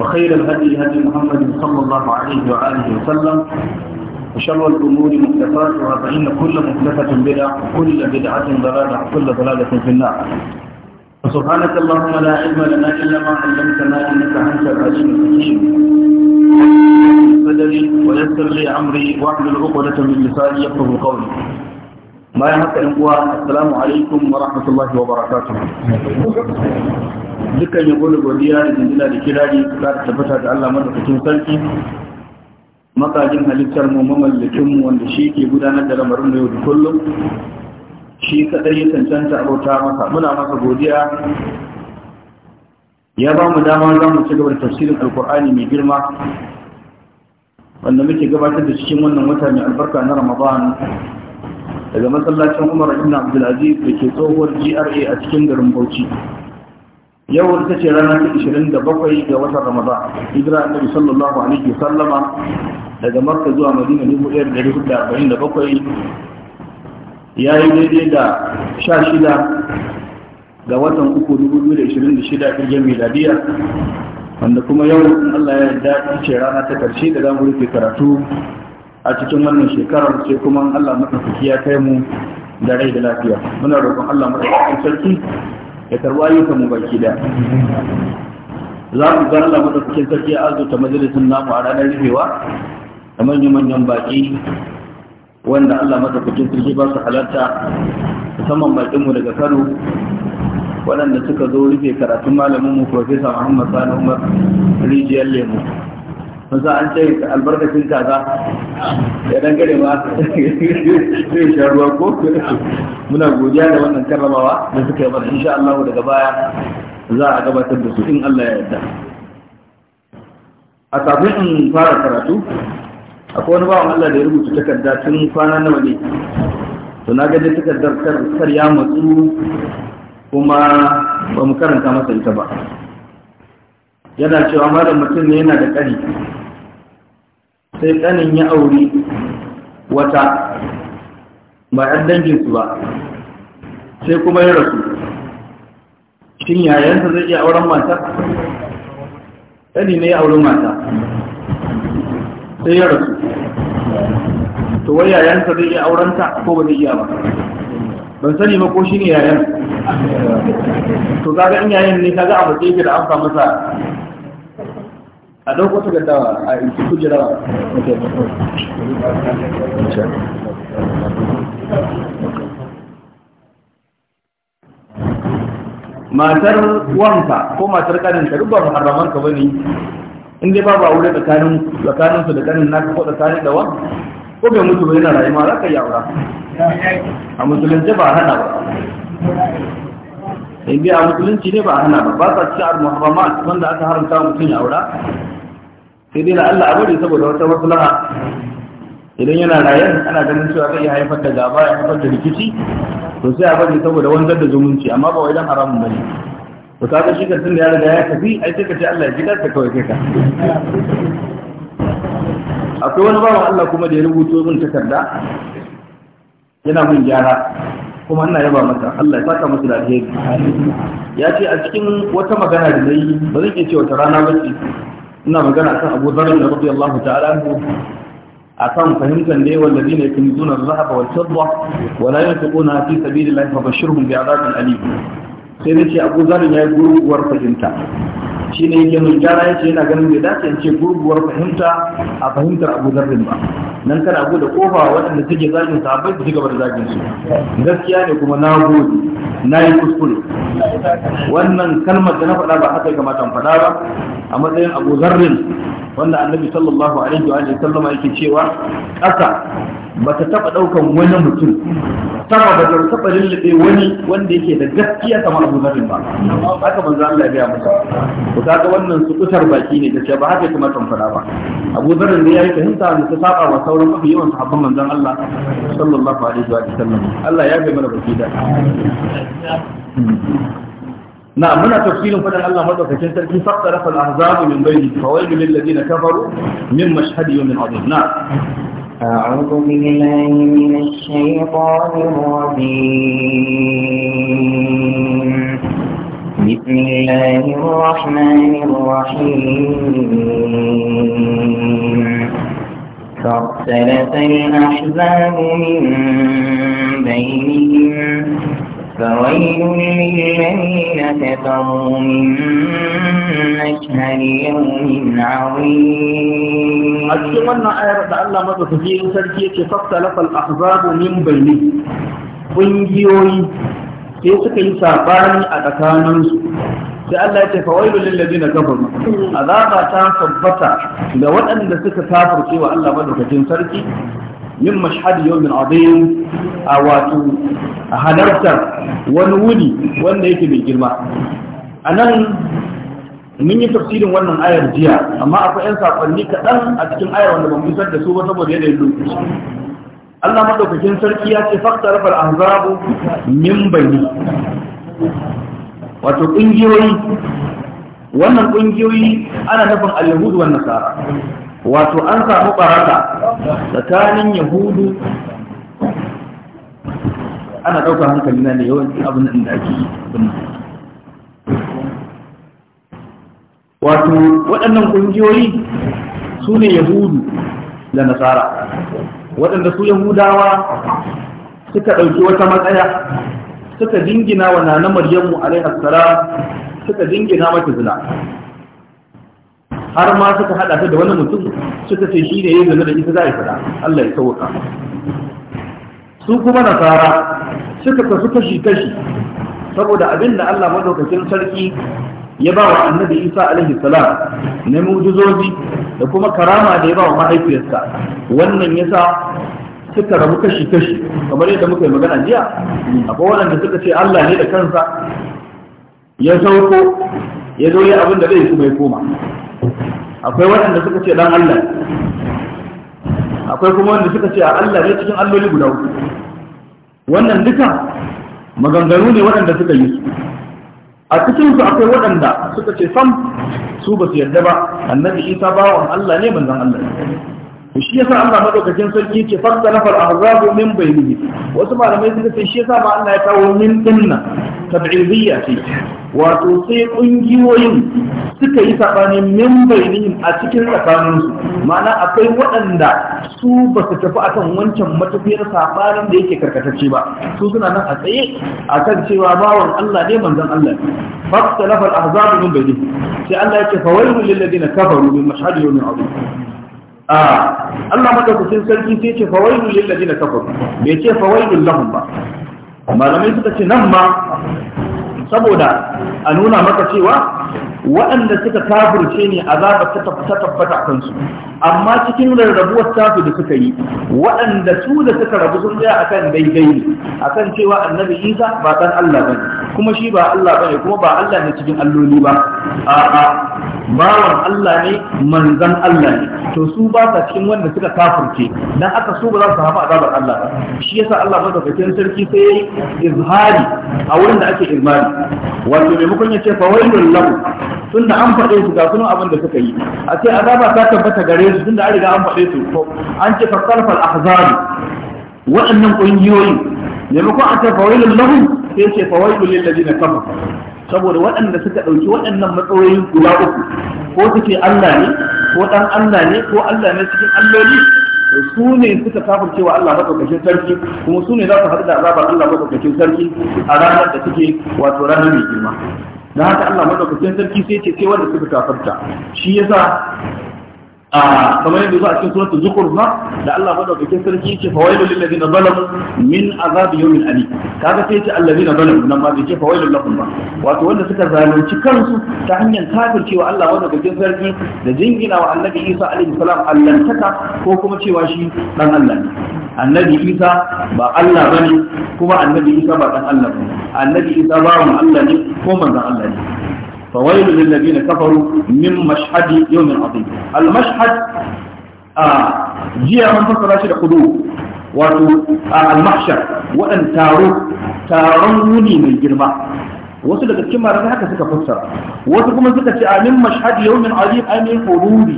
وخير الهدي هدي محمد صلى الله عليه وآله وسلم وشر الأمور مكتفاتها فإن كل مكتفة بدعة وكل بدعة ضلالة وكل ضلالة في النار وسبحانك اللهم لا علم لنا إلا ما علمتنا إنك أنت العليم الحكيم صدري ويسر لي أمري واحلل عقدة من لساني يفقه قولي ما الأخوة السلام عليكم ورحمة الله وبركاته dukkan ya da godiya da jinjina da kirari za ta tabbata da Allah madaukakin sarki makajin halittar mu mamallakin mu wanda shi ke gudanar da lamarin da yau da kullum shi kadai ya cancanta abota maka. muna masa godiya ya ba mu dama za mu ci gaba da tafsirin alkur'ani mai girma wanda muke gabatar da cikin wannan wata mai albarka na ramadan daga masallacin umar ibn abdulaziz da ke tsohuwar gra a cikin garin bauchi yau ta ce rana ranar 27 ga watan ramadan hijira annabi sallallahu alaihi sallama daga makka zuwa madina 1447 ya yi daidai da 16 ga watan uku 2026 kirgin miladiya wanda kuma yau in allah ya yarda ita ce rana ta karshe da zamu rufe karatu a cikin wannan shekarar sai kuma allah matsakaki ya kai mu da rai da lafiya muna roƙon allah matsakakin sarki ya karɓi ayyukan mu baki da za ku ga Allah madaukakin sarki ya azuta majalisin namu a ranar rufewa da manyan-manyan baki wanda Allah madaukakin sarki ba su halarta musamman bakinmu daga Kano waɗanda suka zo rufe karatun malamin mu Profesa Muhammad Sani Umar Rijiyar Lemu masu an ce albarkacin kaza ya gare ba zai sha ruwa ko muna godiya da wannan karramawa da suka yi mana insha Allah daga baya za a gabatar da su in Allah ya yarda a kafin in fara karatu akwai wani bawan Allah da ya rubuta takarda tun kwana nawa ne to na ga takardar kar ya matsu kuma ba mu karanta masa ita ba yana cewa malam mutum ne yana da ƙani sai ƙanin ya auri wata ba ɗan danginsu ba sai kuma ya rasu shin yayansa zai iya auren mata ƙani ne ya auri mata sai ya rasu to wai yayansa zai iya aurenta ko ba zai iya ba ban sani ba ko shi ne yayan to kaga in yayan ne kaga a matsayin da an samu sa a ɗauko ta dawa a isi kujerawa matar wanka ko matar kaninka duk ba muharramanka ba ne in dai babu aure tsakaninsu da kanin naka ko tsakanin da wani ko bai mutu bai na rayuwa za ka yi aura a musulunci ba hana ba in dai a musulunci ne ba hana ba ba sa cikin al-muharramat wanda aka haramta mutum ya aura sai dai na Allah abin saboda wata maslaha idan yana rayar ana ganin cewa zai haifar da gaba ya haifar da rikici to sai a bari saboda wanzar da zumunci amma ba wai dan haramun bane to ga shi kan tunda ya riga ya tafi ai sai ka ce Allah ya ji ka kawai kai ka akwai wani bawan Allah kuma da ya rubuto min takarda yana min gyara kuma ina yaba masa Allah ya saka masa lafiya ya ce a cikin wata magana da nayi ba zan iya cewa ta rana ba ce ina magana akan Abu Dharr radiyallahu ta'ala A kan fahimtar da yawan ladina yakunzuna al-zahaba wal fidda wa la yunfiquna fi sabilillahi fabashshirhum bi'adabin alim sai na ce abu zarin ya yi gurguwar fahimta shi ne yake mai gyara ya ce yana ganin da dace ce gurguwar fahimta a fahimtar abu zarin ba nan kana abu da kofa waɗanda suke zagin sahabbai su ci gaba da zagin su gaskiya ne kuma na gode na yi kuskure wannan kalmar da na faɗa ba haka kamata in faɗa ba a matsayin abu zarin wanda annabi sallallahu alaihi wa sallam, yake cewa ƙasa ba ta taɓa ɗaukan wani mutum sama ba ta taɓa lullube wani wanda yake da gaskiya kamar abu zarin ba haka manzo Allah ya gaya masa ku kaga wannan su kusar baki ne da ba haka kuma tamfara ba abu zarin da yayi fahimta da ta saba wa sauran mafi yawan sahabban manzon Allah sallallahu alaihi wa sallam Allah ya bai mana baki da na muna tafsirin fadan Allah madaukakin sarki fassara fal ahzabu min bayni fawailul lil ladina kafaru min mashhadi yawmin adhim na أعوذ بالله من الشيطان الرجيم بسم الله الرحمن الرحيم فاختلف الأحزاب من بينهم فويل للذين كفروا من مشهد يوم عظيم أتمنى آية رب الله ماذا تجيه سرجيه كفتلف الأحزاب من بيني ونجيوي كيف كان ساباني أتكانون sai Allah ya ce fawailu lil ladina kafaru azaba ta tabbata da wadanda suka kafirce wa Allah madaukakin sarki min mashhad yawmin azim a wato halartar wani wuni wanda yake mai girma anan mun yi tafsirin wannan ayar jiya amma akwai yan sakonni kaɗan a cikin ayar wanda ban isar da su ba saboda yanayin lokaci Allah maɗaukakin sarki ya ce faktar fal ahzabu min bani wato ƙungiyoyi, wannan ƙungiyoyi ana nufin al-yahud wa nasara wato an samu baraka tsakanin yahudu ana ɗaukar hankali na da yawancin abin da ake yi wato waɗannan ƙungiyoyi su ne yahudu da nasara waɗanda su yahudawa suka ɗauki wata matsaya suka jingina wa nana maryamu alaihi suka jingina mata zina har ma suka hada ta da wani mutum suka ce shi ne ya zama da ita za a yi fada Allah ya sauka su kuma nasara suka kasu kashi kashi saboda abin da Allah madaukakin sarki ya ba wa annabi Isa alaihi salam na mu'jizozi da kuma karama da ya ba wa mahaifiyarsa wannan yasa suka rabu kashi kashi kamar yadda muka yi magana jiya akwai waɗanda suka ce Allah ne da kansa ya sauko ya zo ya abin da zai kuma ya koma akwai waɗanda suka ce ɗan Allah akwai kuma wanda suka ce a Allah ne cikin alloli guda uku wannan duka maganganu ne waɗanda suka yi su a cikin su akwai waɗanda suka ce sam su ba su yarda ba annabi isa bawan Allah ne manzon Allah to shi yasa Allah madaukakin sarki yake fasta nafar ahzabu min bainihi wasu malamai suka ce shi yasa ba Allah ya kawo min dinna tab'idiyya ce wato sai ƙungiyoyin suka yi tsakanin membainin a cikin tsakaninsu mana akwai waɗanda su ba su tafi akan wancan matafiyar saɓanin da yake karkatacce ba su suna nan a tsaye a kan cewa bawan Allah ne manzan Allah ba su talafar a min bai sai Allah yake mu lil na kafaru rubin mashhad yawmin azim a Allah madaukakin sarki sai ce fawailu lil na kafar, bai ce fawailul lahum ba malamai suka ce nan ma saboda a nuna maka cewa waɗanda suka kafirce ne azaba ta tabbata kansu amma cikin rarrabuwar tafi da suka yi waɗanda su da suka rabu sun tsaya akan daidai ne akan cewa annabi isa ba dan allah bane kuma shi ba allah bane kuma ba allah ne cikin alloli ba a'a bawan allah ne manzan allah ne to su ba sa cikin wanda suka kafirce dan aka su ba za su hafa azabar allah ba shi yasa allah madaukakin sarki sai yayi izhari a wurin da ake izhari wato maimakon ya ce fa wailul lahu tunda an faɗe su ga sunan abin da suka yi a ce azaba ta tabbata gare su tunda an riga an faɗe su ko an ce fasalfal ahzabi waɗannan ƙungiyoyi maimakon a ce fawailun lahum sai ce fawailun lil na kafa. saboda waɗanda suka ɗauki waɗannan matsayoyin guda uku ko suke Allah ne ko ɗan Allah ne ko Allah ne cikin alloli su ne suka kafirce wa Allah madaukakin sarki kuma su ne za su haɗu da azabar Allah madaukakin sarki a ranar da suke wato ranar mai girma da haka Allah madaukakin sarki sai ce sai wanda suka kafarta shi yasa a kamar yadda a cikin suratul zukhruf ma da Allah madaukakin sarki yake fawailu lil ladina zalamu min azab yawmin ali kaga sai ce alladina zalamu nan ma bai ce fawailu lahum ba wato wanda suka zalunci kansu ta hanyar kafircewa Allah madaukakin sarki da jingina wa annabi Isa alaihi salam allantaka ko kuma cewa shi dan Allah ne annabi isa ba Allah ba ne, kuma annabi isa ba dan Allah bane annabi isa bawan Allah ne ko manzon Allah ne فويل min كفروا من مشهد يوم عظيم المشهد jiya mun fassara shi da kudu wato al-mahshar wadan taro taron wuni mai girma wasu daga cikin malamai haka suka fassara wasu kuma suka ce min mashhad yawmin azim amin hududi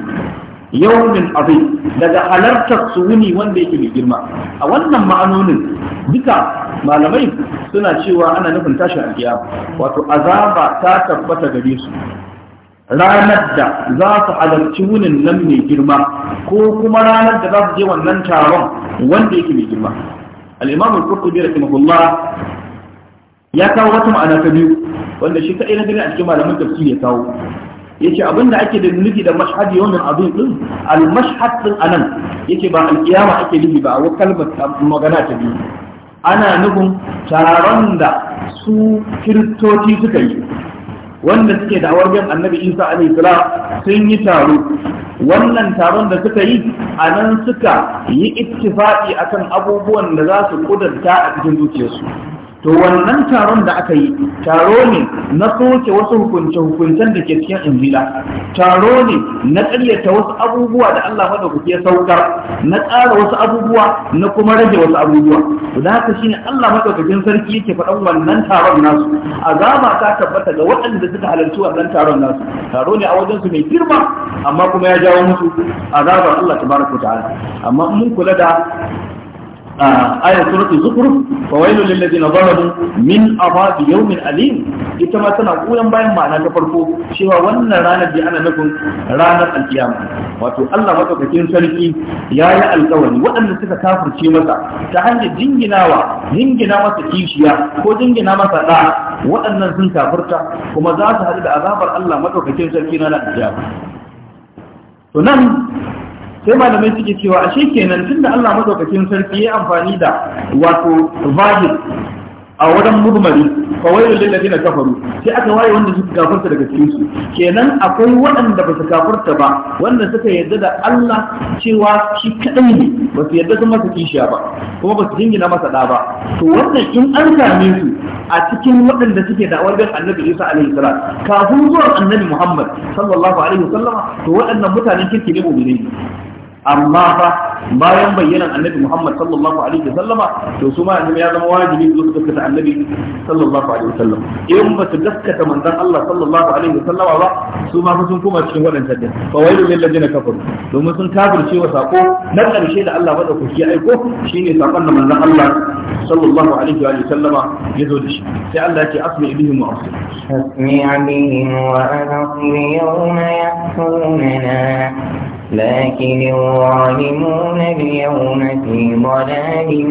yawmin azim daga halartar su wuni wanda yake mai girma a wannan ma'anonin duka malamai suna cewa ana nufin tashin alkiya wato azaba ta tabbata gare su ranar da za su halarci wunin nan mai girma ko kuma ranar da za su je wannan taron wanda yake mai girma al-imam al-qurtubi rahimahullah ya kawo wata ma'ana ta biyu wanda shi kadai na gani a cikin malaman tafsiri ya kawo yace abinda ake da nufi da mashhadi wannan abin din al mashhad din anan yace ba alkiyama ake nufi ba wa kalmar magana ta biyu ana nufin taron da su kiristoci suka yi wanda suke da bin annabi isa alaihi salam sun yi taro wannan taron da suka yi a nan suka yi ittifaqi akan abubuwan da za su kudanta a cikin zuciyarsu to wannan taron da aka yi taro ne na soke wasu hukunce-hukuncen da ke cikin injila taro ne na ƙaryata wasu abubuwa da Allah madaukaki ya saukar na ƙara wasu abubuwa na kuma rage wasu abubuwa da haka shine Allah madaukakin sarki yake faɗan wannan taron nasu azaba ta tabbata ga waɗanda suka halarci wannan taron nasu taro ne a wajen su mai girma amma kuma ya jawo musu azabar Allah tabaraka ta'ala amma mun kula da ayar suratu zukruf fa wailu lil ladina zalamu min azabi yawmin alim ita ma tana koyan bayan ma'ana ta farko cewa wannan ranar da ana nufin ranar alkiyama wato Allah madaukakin sarki ya yi alkawari waɗanda suka kafirce masa ta hanyar jinginawa jingina masa kishiya ko jingina masa ɗa'a waɗannan sun kafirta kuma za su haɗu da azabar Allah madaukakin sarki na alkiyama to nan sai malamai suke cewa ashe kenan tunda Allah madaukakin sarki ya amfani da wato zahir a wajen murmari fa wayar lillazi na kafaru sai aka waye wanda suka kafarta daga cikin su kenan akwai waɗanda ba su kafarta ba wanda suka yarda da Allah cewa shi kadai ne ba su yarda sun masa kishiya ba kuma ba su jingina masa da ba to wannan in an same su a cikin waɗanda suke da bin annabi Isa alaihi salam kafin zuwan annabi Muhammad sallallahu alaihi wasallam to waɗannan mutanen kirki ne mu'minai amma fa bayan bayyanan annabi Muhammad sallallahu alaihi wa sallama, to su ma annabi ya zama wajibi su gaskata annabi sallallahu alaihi wa wasallam in ba su gaskata manzon Allah sallallahu alaihi wa sallama ba su ma sun kuma cikin wadannan din fa wailu lil ladina kafaru domin sun kafirce wa sako na karshe da Allah madaukaki ya aiko shine sakon da manzon Allah sallallahu alaihi wa sallama ya zo da shi sai Allah ya ce asmi bihim wa asmi bihim wa anqir yawma ya'tunana lakin الظالمون اليوم في ضلال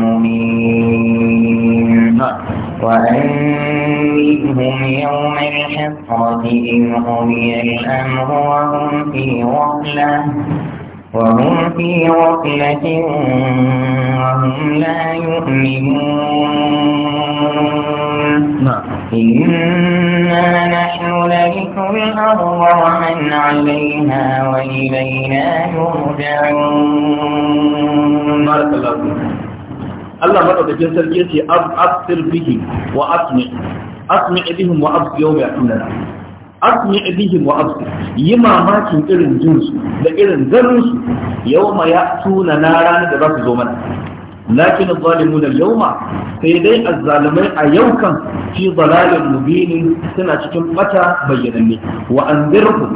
مبين نعم. وأنبئهم يوم الحفرة إن قضي الأمر وهم في غفلة وهم في غفلة وهم لا يؤمنون نعم. إنا نحن نرث الأرض ومن عليها وإلينا يرجعون بارك الله فيك الله مدوكين سرجيتي أبصر به وأسمع أسمع بهم وأبصر يوم يأتوننا asmi bihim wa absir yi mamakin irin jinsu da irin ganinsu, yauma yawma ya tuna na ranar da za su zo mana lakin zalimuna yawma sai dai azzalimai a yau kan fi dalalin mubinin suna cikin bata bayyananne wa anzirhum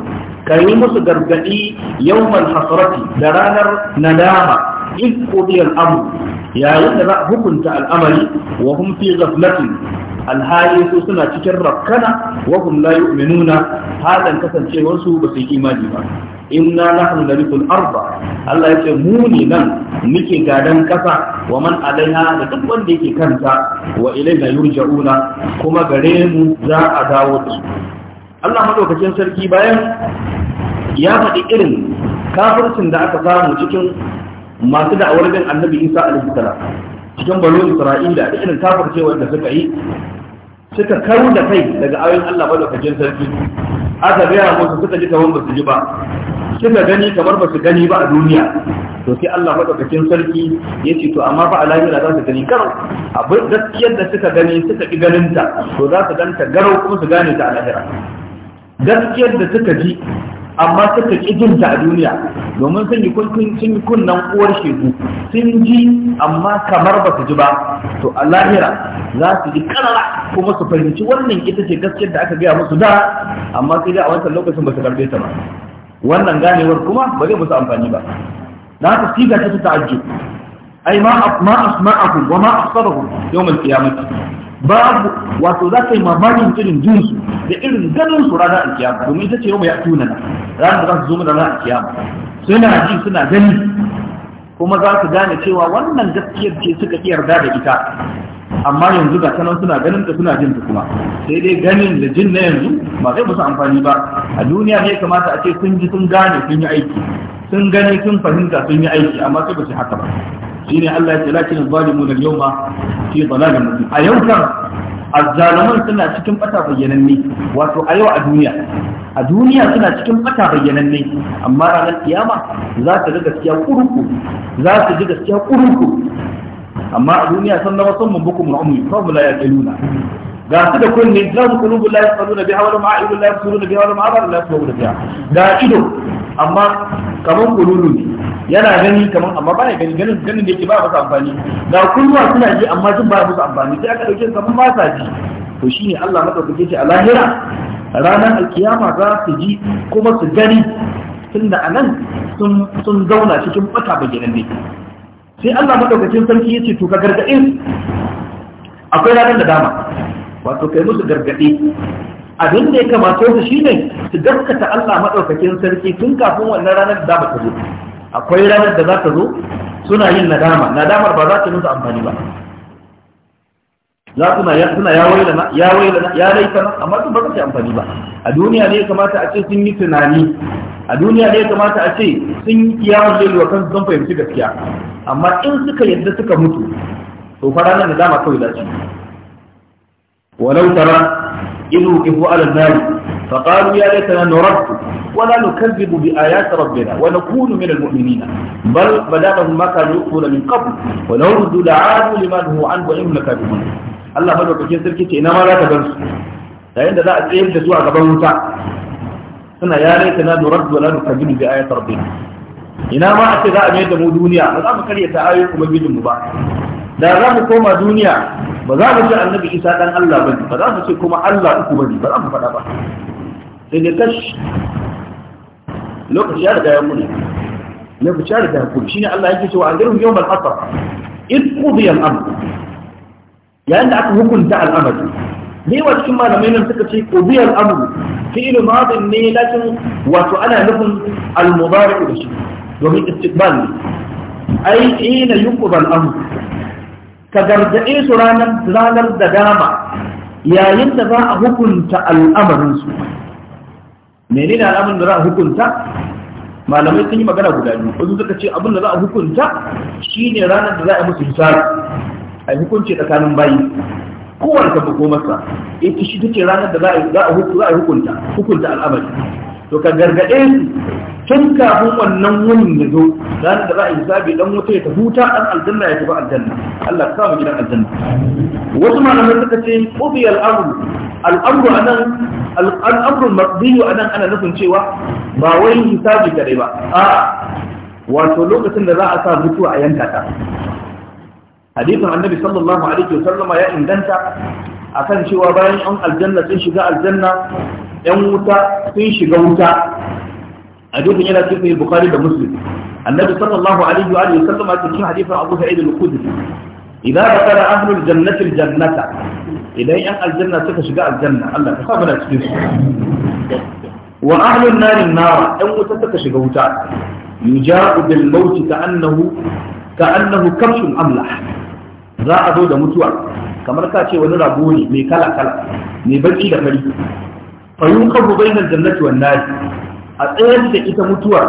yi musu gargadi yauman hasrati da ranar nadama in qudi al yayin da za hukunta al'amari wa hum fi alhali su suna cikin rakkana wa hum la yu'minuna hadan kasancewar su ba su imani ba inna nahnu narithul arda Allah yace mu ne nan muke gadan kasa wa man alaiha da duk wanda yake kanta wa ilaina yurja'una kuma gare mu za a dawo da Allah madaukakin sarki bayan ya faɗi irin kafircin da aka samu cikin masu da'awar bin annabi Isa alaihi salam cikin baro isra'ila da irin kafircewar da suka yi suka karu da kai daga ayoyin Allah madaukakin sarki aka gaya musu suka ji kamar su ji ba suka gani kamar ba su gani ba a duniya to sai Allah madaukakin sarki ya ce to amma ba a lahira za su gani karo abin gaskiyar da suka gani suka ki ganinta, to za su ganta garau kuma su gane ta a lahira gaskiyar da suka ji amma suka ƙi ta a duniya domin sun yi kunnan uwar shegu sun ji amma kamar ba su ji ba to a lahira za su ji karara kuma su fahimci wannan ita ce gaskiyar da aka gaya musu da amma sai dai a wancan lokacin ba su karbe ta ba wannan ganewar kuma ba zai musu amfani ba Na haka siga ta ta'ajju ai ma ma asma'ahu wa ma absarahu yawm al-qiyamah babu wato za ka yi mamakin irin jinsu da irin ganin su ranar alkiyama domin ita ce yau mai atuna na ranar da za su zo mana ranar kiyama suna ji suna gani kuma za su gane cewa wannan gaskiyar ce suka iya yarda da ita amma yanzu ga sanan suna ganin ta suna jin ta kuma sai dai ganin da jin na yanzu ba zai musu amfani ba a duniya ne kamata a ce sun ji sun gane sun yi aiki sun gani sun fahimta sun yi aiki amma sai ba su haka ba shine Allah ya ce lakin zalimun al-yawma fi dalalin mubin a yau kan azzaluman suna cikin bata bayyananne wato a yau a duniya a duniya suna cikin bata bayyananne amma ranar kiyama za ta ji gaskiya kurku za ta ji gaskiya kurku amma a duniya san na wasan mun bukum ummi fa la yaqiluna ga su da kunne za su kulubu la yaqiluna biha wa la ma'iluna la yaqiluna biha wa la ma'ara la yaqiluna biha da ido amma kamar kululu ne yana gani kamar amma ba ya gani ganin ganin da yake ba musu amfani ga kulluwa suna ji amma jin ba musu amfani sai aka dauke kamar ba sa ji to shine Allah kuke ce a lahira ranar alkiyama za su ji kuma su gani da anan sun sun zauna cikin bata bayyana ne sai Allah san sarki yace to ka gargaɗe akwai ranar da dama wato kai musu gargaɗe abin da ya kamata su shine su gaskata Allah madaukakin sarki tun kafin wannan ranar da ba ta zo akwai ranar da za ta zo suna yin nadama nadamar ba za ta nusa amfani ba za suna ya suna ya wailana ya wailana ya laitana ba su amfani ba a duniya ne ya kamata a ce sun yi tunani a duniya ne ya kamata a ce sun yi kiyawar lailu kan kansu sun fahimci gaskiya amma in suka yadda suka mutu to nan da dama kawai za su walau tara إذ وقفوا على النار فقالوا يا ليتنا نرد ولا نكذب بآيات ربنا ونكون من المؤمنين بل بدا لهم ما كانوا يؤمنون من قبل ولو ردوا لعادوا لما نهوا عنه وإنهم لكاذبون الله مدعوكين سلكي إنما لا تبنسوا yayin da za a tsayar da su a gaban wuta suna ya rai tana da rabbi wala nukadibu bi ayati rabbina ina ma a ce za a mai da mu duniya ba za mu karya ta ayoyin ubangijin mu ba da za mu koma duniya ba za mu ce annabi isa dan Allah ba ba za mu ce kuma Allah uku ba ba za mu faɗa ba sai da kash lokaci ya riga ya muni lokaci ya riga ya muni shine Allah yake cewa anzirhum yawmal hasr in qudiya al-amr yayin da aka hukunta al'amari ne wa cikin malamai nan suka ce qudiya al-amr fi'il madin ne lakin wato ana nufin al-mudari da shi domin istiqbal ai ina yuqbal amr ka gargaɗe su ranar da dama yayin da za a hukunta al'amarinsu menene al'amarin da za a hukunta malamai sun yi magana guda biyu wasu suka ce abin da za a hukunta shine ranar da za a yi musu hisabi a yi hukunci tsakanin bayi kowane ka buko masa ita shi take ranar da za a hukunta hukunta al'amari to ka gargaɗe su tun kafin wannan wunin ya zo ranar da za a yi zabi dan wuta ya ta huta dan aljanna ya tafi aljanna Allah ka samu gidan aljanna wasu malamai suka ce qubi al-amru al-amru anan al-amru maqdi anan ana nufin cewa ba wai hisabi kare ba a wato lokacin da za a sa mutuwa a yanka ta hadisin annabi sallallahu alaihi wasallam ya inganta akan cewa bayan an aljanna sun shiga aljanna yan wuta sun shiga wuta hadisin yana cikin bukhari da muslim annabi sallallahu alaihi wa alihi sallam a cikin hadisin abu sa'id al-khudri idan dakala ahlul jannati al-jannata idan yan aljanna suka shiga aljanna Allah ka sa mana cikin su wa ahlun narin nar yan wuta za a zo da mutuwa kamar ka ce wani rago ne mai kala kala mai baki da fari fa yunqabu bainal jannati wan a tsayar da ita mutuwa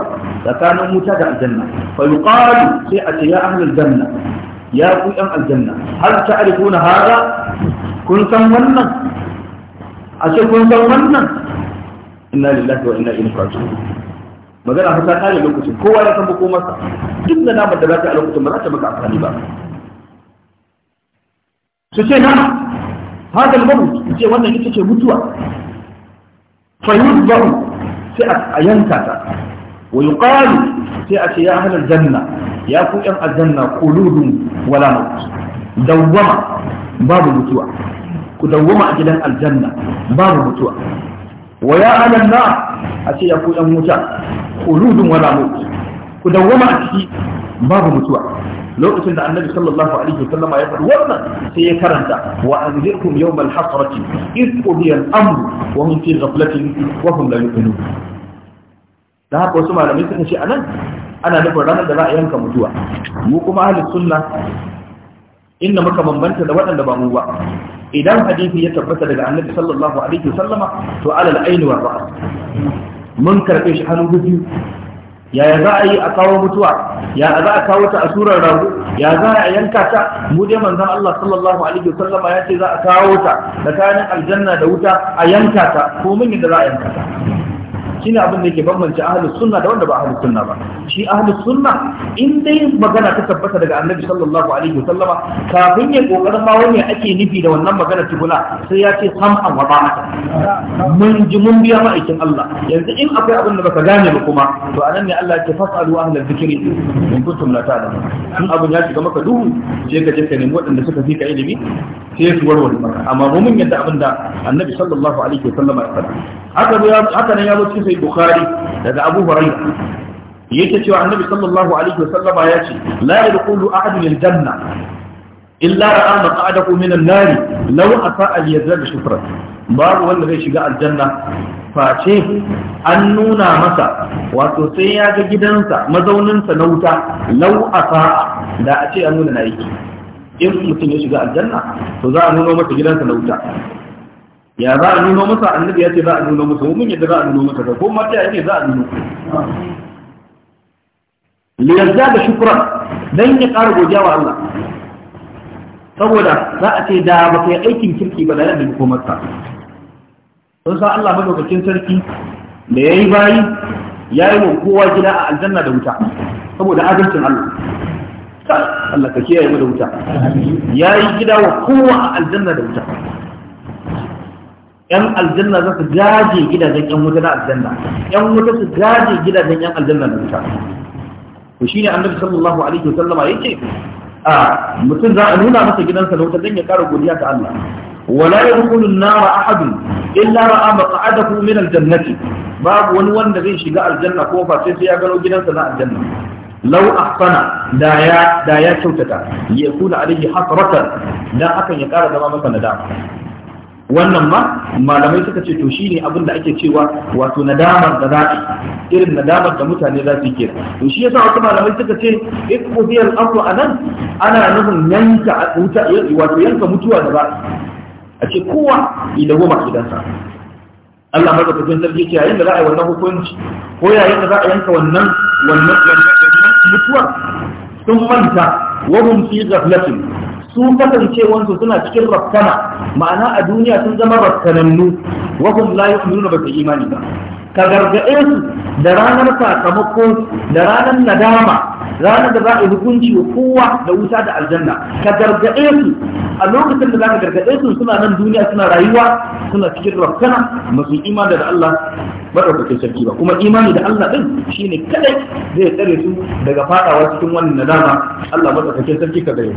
tsakanin wuta da aljanna fa yuqalu sai a ce ya ahlul janna ya ku yan aljanna hal ta'rifuna hada kun san wannan a ce kun san wannan inna lillahi wa inna ilaihi raji'un magana ta kare lokacin kowa ya san ko masa duk da namar da za ta a lokacin ba za ta maka amfani ba su ce na hadal mabu ce wannan ita ce mutuwa fa yuzbahu sai a yanka ta wa yuqalu sai a ce ya ahlal janna ya ku yan aljanna quludun wala maut dawwama babu mutuwa ku dawwama a gidan aljanna babu mutuwa wa ya ahlal a ce ya ku yan wuta quludun wala maut ku dawwama a ciki babu mutuwa lokacin da annabi sallallahu alaihi wasallam ya faɗi wannan sai ya karanta wa anzirkum yawmal hasrati iz qudiya al-amru wa hum fi ghaflatin wa hum la yu'minun da haka wasu malamai suka ce anan ana nufin ranar da za a yanka mutuwa mu kuma ahlus sunna inda muka bambanta da waɗanda ba mu ba idan hadisi ya tabbata daga annabi sallallahu alaihi wasallama to alal aini wa ra's mun karbe shi hannu biyu yaya za a yi a kawo mutuwa ya za a kawo ta a surar rago ya za a yanka ta mu dai manzon Allah sallallahu alaihi wasallam ya ce za a kawo ta tsakanin aljanna da wuta a yanka ta ko mun da za a yanka ta shine abin da yake bambance ahlus sunna da wanda ba ahlus sunna ba shi ahlus sunna in dai magana ta tabbata daga annabi sallallahu alaihi wasallama kafin ya kokarin ma wani ake nufi da wannan magana tukuna sai ya ce sam'an wa mata. mun ji mun biya ma'aikin Allah yanzu in akwai abin da baka gane ba kuma to anan ne Allah ya fasalu ahlal zikri in kuntum la ta'lamun in abin ya shiga maka duhu sai ka je ka nemi waɗanda suka fi ka ilimi sai su warware maka amma mu mumin yadda abin da annabi sallallahu alaihi wasallama ya faɗa haka ne ya zo cikin sahih bukhari daga abu hurairah yake cewa annabi sallallahu alaihi wasallama ya ce la yadkhulu ahadun aljanna illa ra'a maq'adahu min an-nar law asa'a al-yadra shufra babu wanda zai shiga aljanna face an nuna masa wato sai ya ga gidansa mazauninsa na wuta law asa'a da a ce an nuna na in mutum ya shiga aljanna to za a nuno masa gidansa na wuta ya za a nuno masa annabi ya ce za a nuno masa mun yadda za a nuno masa ko ma ta yake za a nuno liyazza da shukran dan ya ƙara godiya wa Allah saboda za a ce da ba kai aikin kirki ba da yana da komar ka sun sa Allah madaukakin sarki da ya yi bayi ya yi wa kowa gida a aljanna da wuta saboda adalcin Allah Allah ka kiyaye mu da wuta ya yi gida wa kowa a aljanna da wuta yan aljanna za su gaje gidajen yan wuta na aljanna yan wuta su gaje gidajen yan aljanna na wuta to shine annabi sallallahu alaihi wasallama yake a mutum za a nuna masa gidansa na wuta dan ya kara godiya ga Allah wala yadkhulu an-nara illa ra'a maq'adahu min al babu wani wanda zai shiga aljanna ko fa sai ya gano gidansa na aljanna Lau ahsana da ya da ya kyautata ya kula alaihi hasratan dan hakan ya kara zama masa nadama wannan ma malamai suka ce to shine abin da ake cewa wato nadamar da za irin nadamar da mutane za su yi to shi yasa wasu malamai suka ce ikudiyal afu anan ana nufin yanka wuta wato yanka mutuwa da za a ce kowa idan goma gidansa Allah madaukakin sarki ce yayin da za a yi wannan hukunci ko yayin da za a yanka wannan wannan mutuwa sun manta hum fi ghaflatin su kasancewansu suna cikin rakkana ma'ana a duniya sun zama rakkanannu wa hum la yu'minuna ba imani ba ka gargaɗe su da ranar sakamako da ranar nadama ranar da za a yi hukunci kowa da wuta da aljanna ka gargaɗe su a lokacin da za ka gargaɗe su suna nan duniya suna rayuwa suna cikin rafkana masu imani da Allah maɗaukakin sarki ba kuma imani da Allah ɗin shine kadai zai tsare su daga faɗawa cikin wannan nadama Allah maɗaukakin sarki ka gare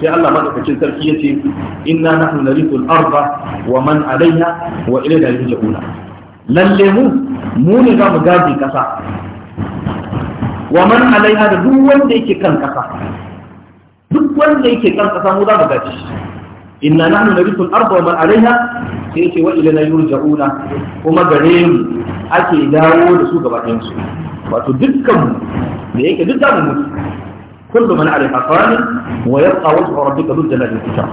sai Allah maɗaukakin sarki ya ce inna nahnu narithul arda wa man alaiha wa ilayna yurja'una lalle mu mu ne za mu gaji kasa wa man alaiha da duk wanda yake kan kasa duk wanda yake kan kasa mu za mu gaji inna nahnu nabithul arda wa man alaiha sai yake wa ilayna yurja'una kuma gare mu ake dawo da su gaba ɗayan su wato dukkan mu da yake duk za mu mutu kullu man alaiha fanin wa yabqa wajhu rabbika dhul jalali wal ikram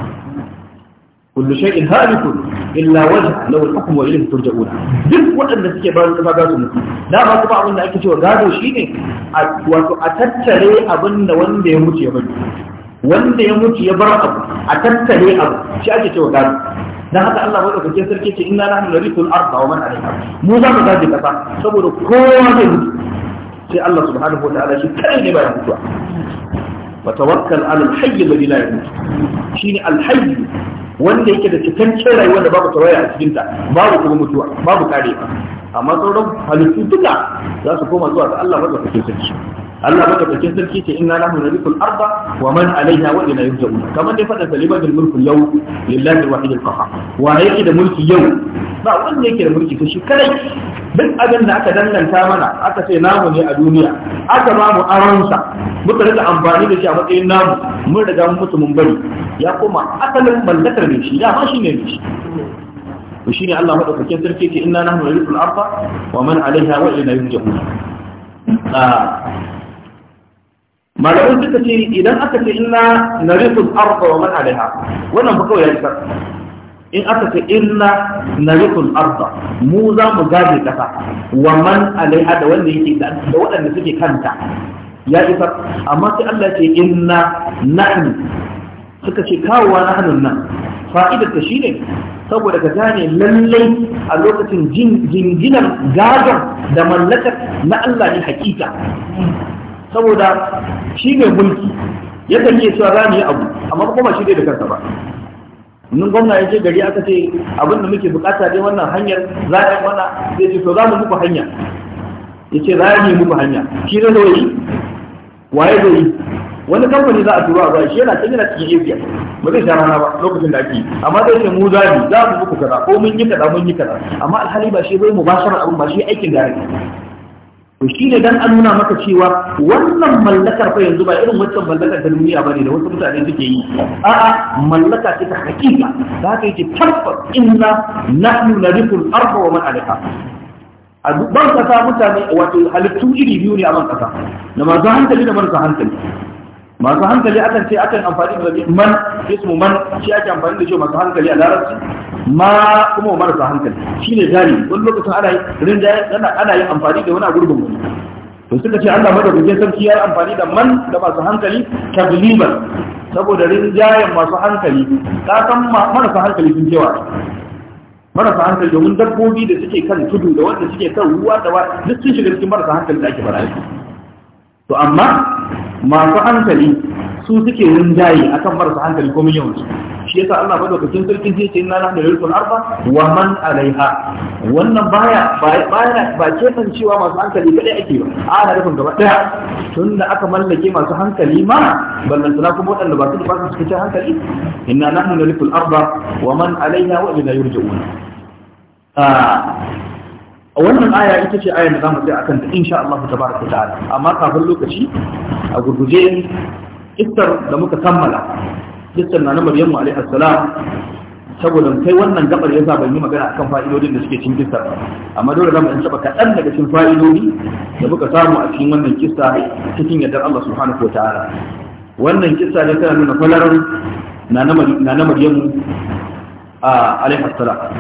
kullu shay'in halikun illa wajh law al-hukmu wa ilayhi turja'un duk waɗanda suke ba su ba su mutu da ba kuma abin da ake cewa gado shine wato a tattare abin da wanda ya mutu ya bari wanda ya mutu ya bar abu a tattare abu shi ake cewa gado dan haka Allah madaukakin sarki ce inna nahnu narithul arda wa man alayha mu za mu gaji kasa saboda kowa zai mutu sai Allah subhanahu wa ta'ala shi kai ne ba ya mutu wa tawakkal ala al-hayy alladhi la yamut shine al-hayy wanda yake da cikakken rayuwa da babu tawaya a cikinta babu kuma mutuwa babu karewa amma sauran halittu duka za su koma zuwa ga Allah madaukakin shi. Allah maka bakin sarki ce inna lahu nalikul arda wa man alaiha wa ila yurja'un kamar dai fada saliba bil mulku yau lillahi wahid al qahar wa yake da mulki yau ba wanda yake da mulki to shi kadai duk abin da aka danganta mana aka ce namu ne a duniya aka ba mu aronsa muka rika amfani da shi a matsayin namu mun riga mun mutu mun bari ya koma asalin mallakar ne shi ya ma shi ne shi to shine Allah madaukakin sarki ce inna nahnu nalikul arda wa man alaiha wa ila yurja'un ah, malamin suka ce idan aka ce inna narisul arda wa man alaiha wannan fa kawai ya isa in aka ce inna narisul arda mu za mu gaje kasa wa man alaiha da wanda yake da waɗanda suke kanta ya isa amma sai Allah ce inna nahnu suka ce kawowa na hannun nan fa'idar ta shine saboda ka gane lallai a lokacin jinginar gadon da mallakar na Allah ne hakika saboda shi ne mulki yadda ke cewa za mu yi abu amma kuma shi ne da kansa ba nun gwamna ya ce gari aka ce abin da muke bukata dai wannan hanyar za a yi mana zai ce to za mu muku hanya ya ce za a yi muku hanya shi ne zai yi waye zai yi wani kamfani za a turo a zuwa shi yana can yana cikin asia ba zai sha rana ba lokacin da ake amma zai ce mu zabi za mu muku kaza ko mun yi kaza mun yi kaza amma alhali ba shi bai mu ba abin ba shi aikin da to shi ne dan an nuna maka cewa wannan mallakar fa yanzu ba irin wancan mallakar da duniya bane da wasu mutane suke yi a'a mallaka ce ta hakika da haka yake tabbas inna nahnu narithul arda wa man alaiha a ban kasa mutane wato halittu iri biyu ne a ban kasa da masu hankali da marasa hankali masu hankali akan ce akan amfani da zabi man ismu man shi ake amfani da shi masu hankali a larabci ma kuma marasa hankali shine gari wani lokacin ana rinjaye ana yin amfani da wani a gurbin wani to suka ce Allah madaukakin sarki ya amfani da man da masu hankali tagliban saboda rinjayen masu hankali ka san marasa hankali sun cewa marasa hankali domin dabbobi da suke kan tudu da wanda suke kan ruwa da duk sun shiga cikin marasa hankali da ake bara to amma masu hankali su suke rinjaye akan marasa hankali ko miliyan su shi yasa Allah da madaukakin sarki zai ce na nahnu rizqul arba wa man alaiha wannan baya baya ba ke san cewa masu hankali kada ake ba a ana rufin gaba daya tunda aka mallake masu hankali ma ballan suna kuma waɗanda ba su da ba su cikin hankali inna nahnu rizqul arba wa man alaiha wa ila yurja'un wannan aya ita ce ayar da za mu tsaya akan ta insha Allah tabaraka ta'ala amma kafin lokaci a gurguje iftar da muka kammala iftar na Maryamu alaihi assalam saboda kai wannan gabar yasa ban yi magana akan fa'idodin da suke cikin kissa amma dole zamu in taba kaɗan daga cikin fa'idodi da muka samu a cikin wannan kissa cikin yardar Allah subhanahu wataala wannan kissa ne tana nuna falalar na yamma Maryamu alaihi assalam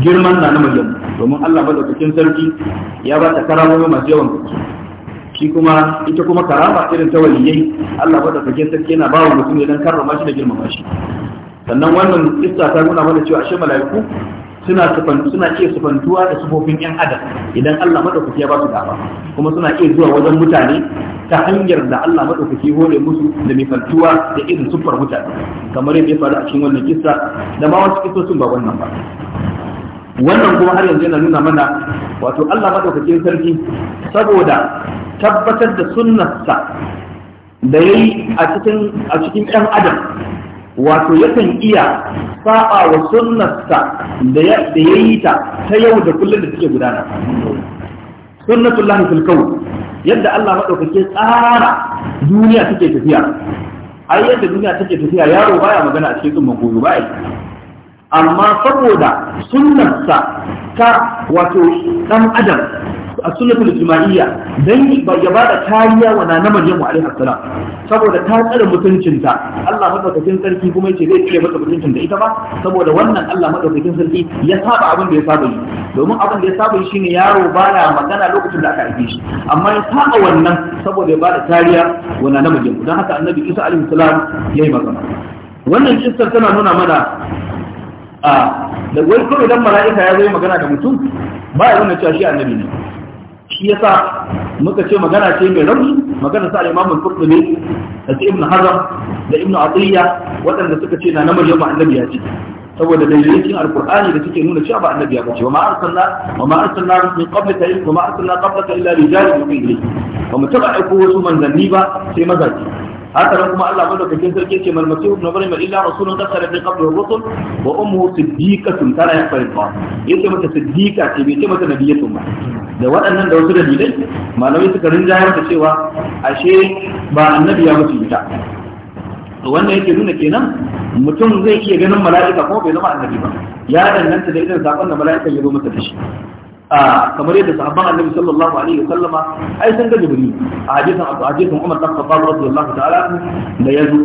girman na na domin Allah madaukakin sarki ya ba ta karamomi masu yawan gaske shi kuma ita kuma karama irin ta waliyai Allah madaukakin sarki yana ba wa mutum ne dan karrama shi da girmama shi sannan wannan kissa ta nuna mana cewa ashe mala'iku suna suna iya sufantuwa da sufofin yan adam idan Allah madaukaki ya ba su dama kuma suna iya zuwa wajen mutane ta hanyar da Allah madaukaki hore musu da mai fantuwa da irin sufar mutane kamar yadda ya faru a cikin wannan kissa da ma wasu sun ba wannan ba wannan kuma har yanzu yana nuna mana wato Allah madaukakin sarki saboda tabbatar da sunnarsa da ya a cikin a cikin ɗan adam wato yakan iya saba wa sunnarsa da ya yi ta ta yau da kullum da suke gudana sunnatullahi fil kawn yadda Allah maɗaukake tsara duniya take tafiya ai yadda duniya take tafiya yaro baya magana a cikin tsumman goyo baya amma saboda sunnarsa ta wato dan adam a sunnatul jima'iyya dan ya ba da kariya wa na namajin Maryamu alaihi salam saboda ta tsare mutuncinta Allah madaukakin sarki kuma yace zai tsare mata mutuncin da ita ba saboda wannan Allah madaukakin sarki ya saba abin da ya saba yi domin abin da ya saba yi shine yaro baya magana lokacin da aka haife shi amma ya saba wannan saboda ya ba da kariya wa na namajin. Don haka Annabi Isa alaihi salam yayi magana wannan kissar tana nuna mana a da wai kawai idan mala'ika ya zo magana da mutum ba ya nuna cewa shi annabi ne shi yasa muka ce magana ce mai rauni magana sa imam al-Qurtubi da Ibn Hazm da Ibn Athiyya waɗanda suka ce na namiji ba annabi ya ce saboda dalilancin alkur'ani da suke nuna cewa ba annabi ya ce wa ma arsalna wa ma arsalna min qablika illa wa ma arsalna qablaka illa min yuqinu wa mutaba wasu manzanni ba sai mazaji haka nan kuma Allah madaukakin sarki yake mal masihu ibn maryam illa rasulun qad khalat min qablu rusul wa ummuhu siddiqatun tana ya farqa yake mata siddiqa ce bai ce mata nabiyatun ba da waɗannan da wasu dalilai malamai suka rinjayar da cewa ashe ba annabi ya mutu ita wannan yake nuna kenan mutum zai iya ganin mala'ika kuma bai zama annabi ba ya danganta da irin sakon da mala'ika ya zo masa da shi kamar yadda sahabban annabi sallallahu alaihi wasallama ai sun ga jibril a hadisin abu hadisin umar bin khattab radiyallahu ta'ala da yazo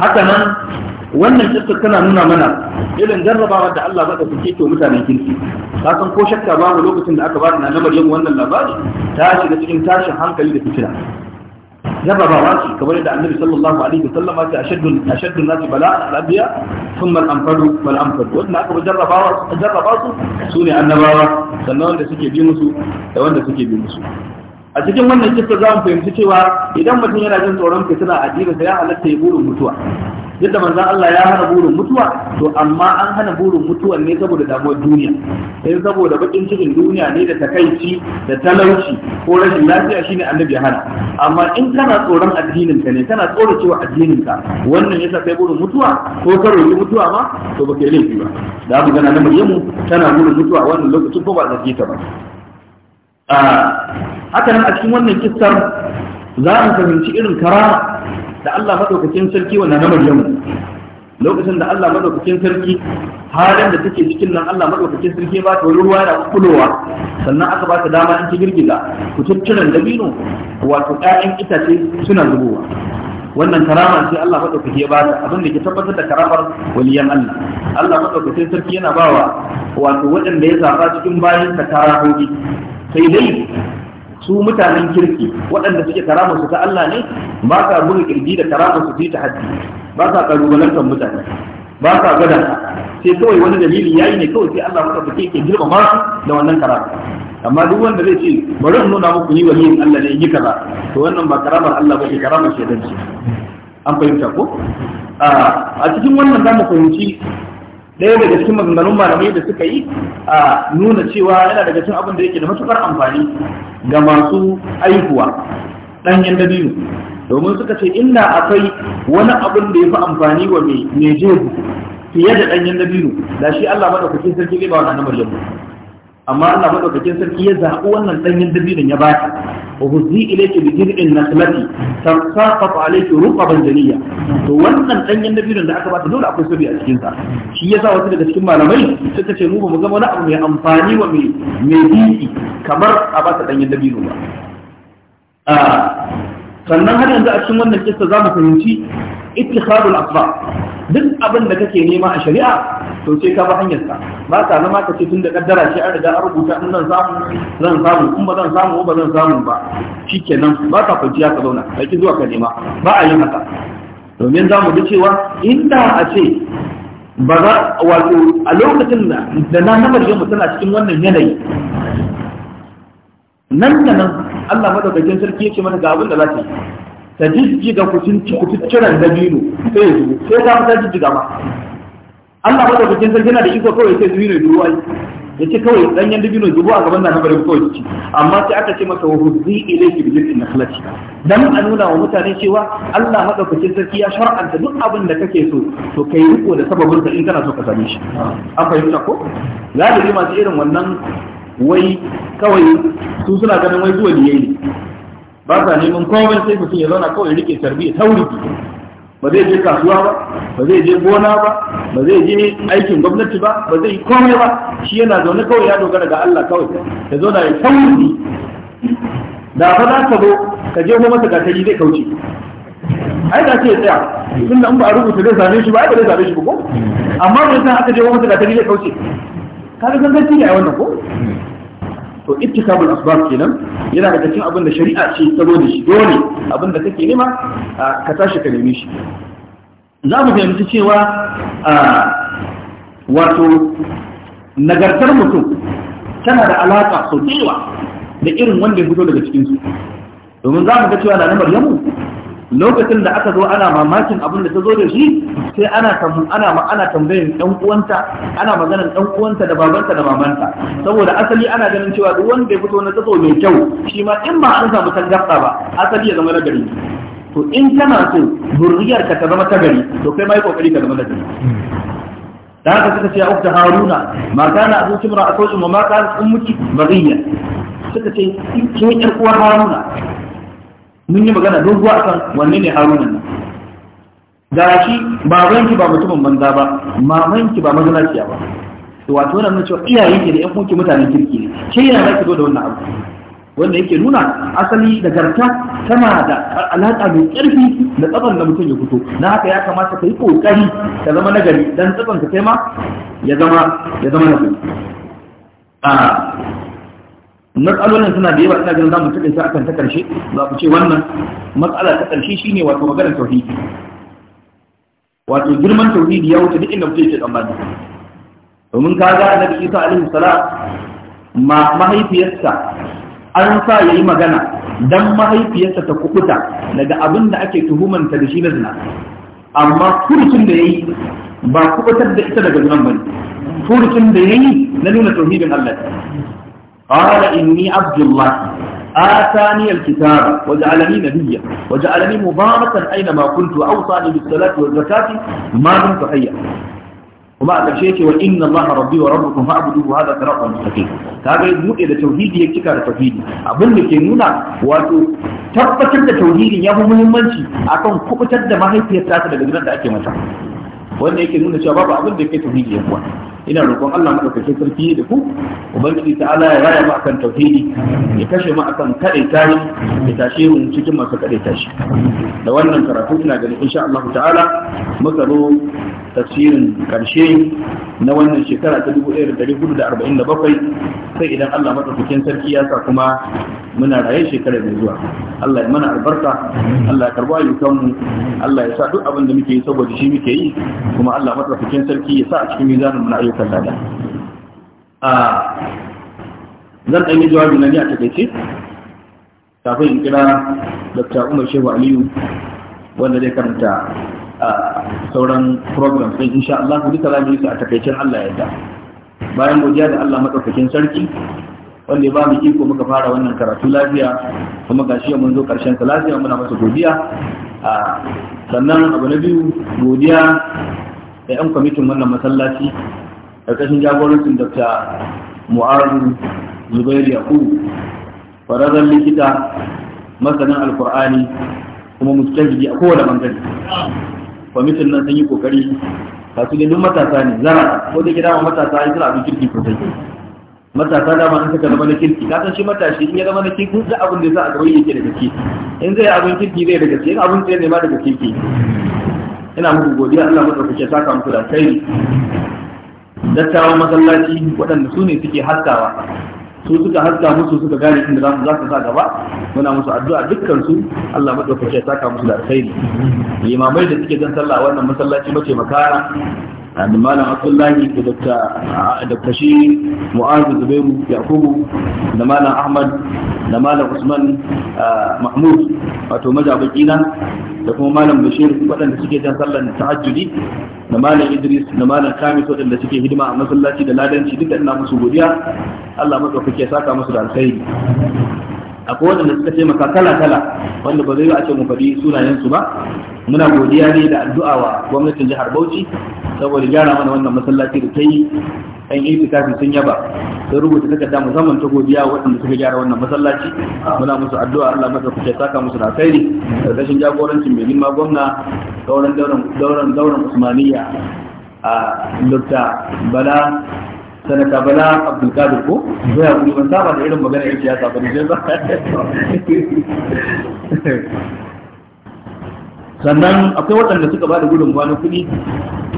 haka nan wannan kissa tana nuna mana irin jarrabawa da Allah baka suke to mutanen kirki ka san ko shakka babu lokacin da aka ba na namar yin wannan labari ta shiga cikin tashin hankali da fitila jarrabawa ce kamar yadda annabi sallallahu alaihi wasallam ya ce ashaddu ashaddu nasi bala'a al-anbiya thumma al-anfadu wal anfad wanda aka jarrabawa jarraba su sune annabawa sannan wanda suke bi musu da wanda suke bi musu a cikin wannan cikin za mu fahimci cewa idan mutum yana jin tsoron fitina a addinin sa ya halatta ya burin mutuwa yadda manzan Allah ya hana burin mutuwa to amma an hana burin mutuwa ne saboda damuwar duniya sai saboda bakin cikin duniya ne da takaici da talauci ko rashin lafiya shine annabi ya hana amma in kana tsoron addinin ka ne kana tsoron cewa addinin ka wannan yasa sai burin mutuwa ko ka roki mutuwa ma to baka yi laifi ba da abu gana na Maryamu tana burin mutuwa wannan lokacin ko ba zaki ta ba haka nan a cikin wannan kissar za mu fahimci irin karama da Allah madaukakin sarki wannan na Maryamu lokacin da Allah madaukakin sarki halin da take cikin nan Allah madaukakin sarki ba ta ruwa yana kulowa sannan aka ba ta dama in ki girgiza ku tutturan dabino wato ƴaƴan itace suna zubowa wannan karama ce Allah madaukaki ya bata abin da ke tabbatar da karamar waliyan Allah Allah madaukakin sarki yana bawa wato waɗanda ya zaba cikin bayan ka tarahobi sai dai su mutanen kirki waɗanda suke karamar su ta Allah ne ba ka buga kirji da karamar su ta haddi ba sa karubalantar mutane ba ka gada sai kawai wani dalili yi ne kawai sai Allah maka fake ke girmama su da wannan karama amma duk wanda zai ce bari in nuna muku ni waliyin Allah ne yi kaza to wannan ba karamar Allah ba ke karamar shedan an fahimta ko a cikin wannan zamu fahimci ɗaya daga cikin maganganun malamai da suka yi a nuna cewa yana daga cikin abin da yake da matukar amfani ga masu aihuwa yan dabino domin suka ce inda akwai wani abin da ya fi amfani wa mai jebu fiye da ɗan ɗanyen dabino da shi Allah maɗaukacin sarki ne ba wa na Maryamu amma Allah madaukakin sarki ya zaɓi wannan ɗanyen dabinin ya bata wa huzi ilayki bi jir'in naslati tasaqatu alayki ruqaban janiya to wannan ɗanyen dabinin da aka ba ta dole akwai sabi a cikin sa shi yasa wasu daga cikin malamai suka ce mu ba mu ga wani abu mai amfani wa mai mai kamar a ba ta ah, ɗanyen dabinin ba sannan har yanzu a cikin wannan kissa za mu fahimci ittikhadul asbab duk abin da kake nema a shari'a to sai ka ba hanyar ka ba ka zama ka ce tunda kaddara ce an riga an rubuta in zan samu zan samu in ba zan samu ba zan samu ba shikenan ba ka kwanciya ka zauna kai zuwa ka nema ba a yin haka domin za mu ji cewa inda a ce ba za wato a lokacin da na namar yamma tana cikin wannan yanayi nan da nan Allah madaukakin sarki yake mana ga abin da za ta yi ta jijjiga da dabino sai ya zubo sai ta fita jijjiga ma Allah madaukakin sarki yana da iko kawai sai dabino ne zubo ai ya ce kawai ɗanyen dabino zubo a gaban nan bari kawai ciki. amma sai aka ce masa wuzi huzzi ilayki bil jinni nakhlati dan a nuna wa mutane cewa Allah madaukakin sarki ya shar'anta duk abin da kake so to kai riko da sababin ka in kana so ka same shi an fahimta ko galibi masu irin wannan wai kawai su suna ganin wai zuwa liye ne ba sa neman komai sai mutum ya zauna kawai rike ta wuri ba zai je kasuwa ba ba zai je gona ba ba zai je aikin gwamnati ba ba zai yi komai ba shi yana zaune kawai ya dogara ga Allah kawai ya zauna ya tauri da fa za ka zo ka je kuma ta gatari zai kauce ai da ce ya tsaya tunda in ba a rubuta zai same shi ba ai ba zai same shi ba ko amma ba san aka je kuma ta gatari zai kauce ka ga gangaci ne a wannan ko to ittikabul asbab kenan yana daga cikin abin da shari'a ce saboda shi dole abin da kake nema ka tashi ka neme shi za mu fahimci cewa wato nagartar mutum tana da alaƙa sau da irin wanda ya fito daga cikinsu domin za mu ga cewa na na yamu? lokacin da aka zo ana mamakin abin da ta zo da shi sai ana ana ana tambayin dan uwanta ana maganar dan uwanta da babanta da mamanta saboda asali ana ganin cewa duk wanda ya fito na taso mai kyau shi ma in ba an samu tangarda ba asali ya zama na gari to in kana so zurriyar ka ta zama ta gari to kai ma yi kokari ka zama na gari da haka suka ce ukta haruna ma kana abu kimra a sauƙin ma kana ummuki baghiya suka ce kin yar uwar haruna mun yi magana don zuwa kan wanne ne haruna ne ga shi babanki ba mutumin banza ba mamanki ba mazalaciya ba to wato wannan nuna cewa ke da yan uwanki mutanen kirki ne ke yana da ki da wannan abu wanda yake nuna asali da garta tana da alaƙa mai ƙarfi da tsaban da mutum ya fito na haka ya kamata ka yi ƙoƙari ka zama nagari dan tsaban ka kai ma ya zama ya zama nagari ah, matsalolin suna da yawa ina ganin zamu taɓa sa akan ta karshe za ku ce wannan matsala ta karshe shine wato maganar tauhidi wato girman tauhidi ya wuce duk inda mutum yake tsammani domin ka ga annabi Isa alaihi salam mahaifiyarsa an sa yayi magana dan mahaifiyarsa ta kubuta daga abin da ake tuhumanta da shi na zina amma furucin da yayi ba kubutar da ita daga zunan bane furucin da yayi na nuna tauhidin Allah qala inni abdullah آتاني الكتاب وجعلني نبيا وجعلني مباركا أينما كنت وأوصاني بالصلاة والزكاة ما دمت حيا وما أتبشيك وإن الله ربي وربكم فأعبدوه هذا صراط مستقيم هذا يدمو إلى توحيدي يكتكى لتوحيدي أبن لك نونا واتو تبتد توحيدي يهو مهمنشي أكون كبتد ما هي تيساسة لجنة أكي متى وأن يكي نونا شباب أبن لك توحيدي يهو ina roƙon Allah madaukakin sarki da ku ubangiji ta'ala ya raya mu akan tauhidi ya kashe mu akan kadaita shi ya tashe mu cikin masu kadaita shi da wannan karatu ina ganin insha Allah ta'ala muka zo tafsirin karshe na wannan shekara ta 1447 sai idan Allah madaukakin sarki ya sa kuma muna raye shekara mai zuwa Allah ya mana albarka Allah ya karba ayyukan mu Allah ya sa duk abin da muke yi saboda shi muke yi kuma Allah madaukakin sarki ya sa a cikin mizanin mu na ayyuka a zan ɗanyi jawabi na ne a takaice kafin in kira dr umar shehu aliyu wanda zai karanta a sauran program In sha Allah duka za mu yi a takaicen Allah ya da bayan godiya da Allah madaukakin sarki wanda ya ba mu iko muka fara wannan karatu lafiya kuma gashi mun zo karshen sa lafiya muna masa godiya sannan abu na biyu godiya da yan kwamitin wannan masallaci ƙarƙashin jagorancin dr mu'aru zubairu yakubu ƙwararren likita masanin alkur'ani kuma mustahidi a kowane bangare kwamitin nan sun yi ƙoƙari. kasu su duk matasa ne zara ko da gida matasa ya zara abin kirki sosai matasa dama an saka zama na kirki ka san shi matashi in ya zama na kirki duk abin da ya sa a gaba yake da kirki. in zai abin kirki zai da ke, in abin ya nema da kirki. ina muku godiya Allah madaukake saka muku da kai dattawan masallaci waɗanda su ne suke haskawa su suka haska musu suka gane inda za su za su sa gaba muna musu addu'a dukkan su Allah madaukake ya saka musu da alkhairi limamai da suke dan sallah wannan masallaci mace makara da malam abdullahi da dr shi mu'azu zubairu yakubu da malam ahmad da malam usman mahmud wato majabaki na da kuma malam bashir waɗanda suke jan sallar tahajjudi da malam idris da malam Khamis, waɗanda suke hidima a masallaci da ladanci duka ina musu godiya allah maɗaukaki ya saka musu da alkhairi akwai waɗanda suka taimaka kala-kala wanda ba zai yi a ce mu faɗi sunayensu ba muna godiya ne da addu'a wa gwamnatin jihar Bauchi saboda gyara mana wannan masallaci da ta yi ɗan kafin sun yaba sun rubuta takarda musamman ta godiya waɗanda suka gyara wannan masallaci muna musu addu'a Allah masa ce saka musu da kairi rashin jagorancin mai girma gwamna dauran dauran dauran Usmaniya a Dr. Bala sanata bala abdulkadir ko zai a ban saba da irin magana yake ya saba ne ba sannan akwai waɗanda suka ba da gudun na kuɗi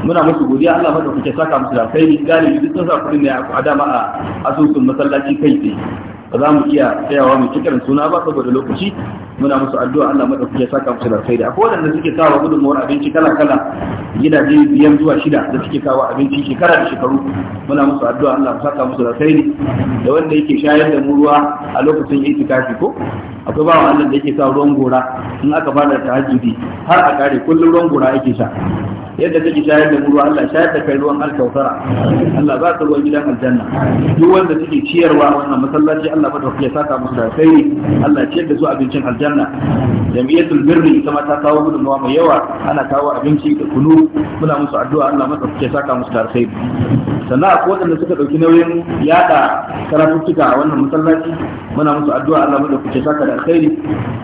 muna musu godiya Allah da kuke saka musu da kai galibi duk sun sa kuɗin ne a dama a asusun masallaci kai tsaye ba za mu iya tsayawa mu cikin suna ba saboda lokaci muna musu addu'a Allah mu ya saka musu da da akwai wanda suke kawo gudunmuwar abinci kala kala gidaje biyar zuwa shida da suke kawo abinci shekara da shekaru muna musu addu'a Allah mu saka musu da ne. da wanda yake shayar da mu ruwa a lokacin itikafi ko akwai bawa Allah da yake sa ruwan gora in aka fara tahajjudi har a kare kullum ruwan gora yake sha yadda kake shayar da ruwa Allah shayar da kai ruwan alkautara Allah ba ka ruwan gidan aljanna duk wanda suke ciyarwa wannan masallaci Allah Allah fa ya saka musu da sai Allah ce da su abincin aljanna jami'atul birri ita ma ta kawo gudunmawa mai yawa ana kawo abinci da kunu muna musu addu'a Allah maka ya saka musu da sai sannan a akwai da suka dauki nauyin yada karatuttuka a wannan masallaci muna musu addu'a Allah maka ya saka da alkhairi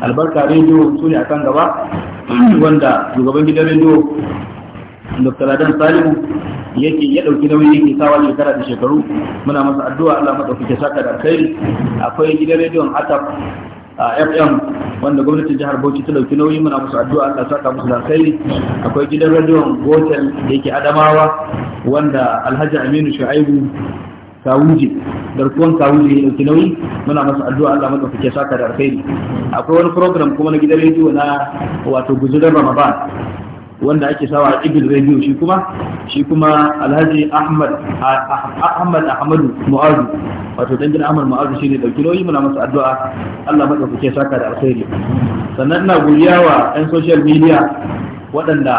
albarka rediyo su ne akan gaba wanda shugaban gidan rediyo Dr. Adam Salimu yake ya dauki nauyi yake sawa shekara da shekaru muna masa addu'a Allah madaukake saka da kai akwai gidan rediyon atap a fm wanda gwamnatin jihar bauchi ta dauki nauyi muna masa addu'a Allah saka musu da kai akwai gidan rediyon gotel da yake adamawa wanda alhaji aminu shu'aibu kawuje garkuwan Kawuji ya dauki nauyi muna masa addu'a Allah maka fike saka da kai akwai wani program kuma na gidan rediyo na wato guzuran ramadan wanda ake sawa a ibil radio shi kuma shi kuma alhaji ahmad ahmad ahmadu mu'azu wato dangin ahmad mu'azu shi ne dauki nauyi muna masa addu'a Allah madaukake saka da alkhairi sannan ina godiya wa 'yan social media waɗanda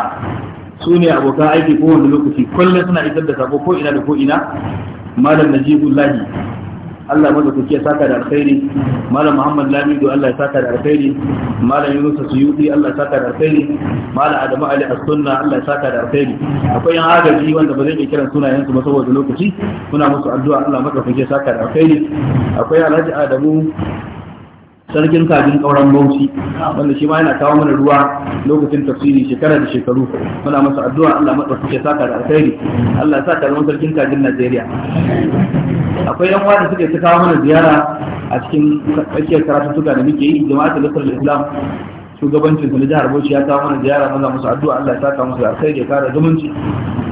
su ne abokan aiki kowane lokaci kullum suna isar da sako ko ina da ko ina malam najibullahi Allah madaukaki ya saka da alkhairi malam Muhammad Lamido Allah ya saka da alkhairi malam Yunus Suyuti Allah ya saka da alkhairi malam Adamu Ali As-Sunna Allah ya saka da alkhairi akwai yan agaji wanda ba zai iya kiran sunayen su ba saboda lokaci muna musu addu'a Allah madaukaki ya saka da alkhairi akwai Alhaji Adamu sarkin kajin kauran bauchi wanda shi ma yana kawo mana ruwa lokacin tafsiri shekara da shekaru muna masa addu'a Allah ya saka da alkhairi Allah ya saka da sarkin kajin Najeriya akwai yan wani suke ta kawo mana ziyara a cikin tsakiyar karatuttuka da muke yi jama'atul Islam shugabancin na jihar Bauchi ya kawo mana ziyara mana musu addu'a Allah ya saka musu alkhairi ya kara zumunci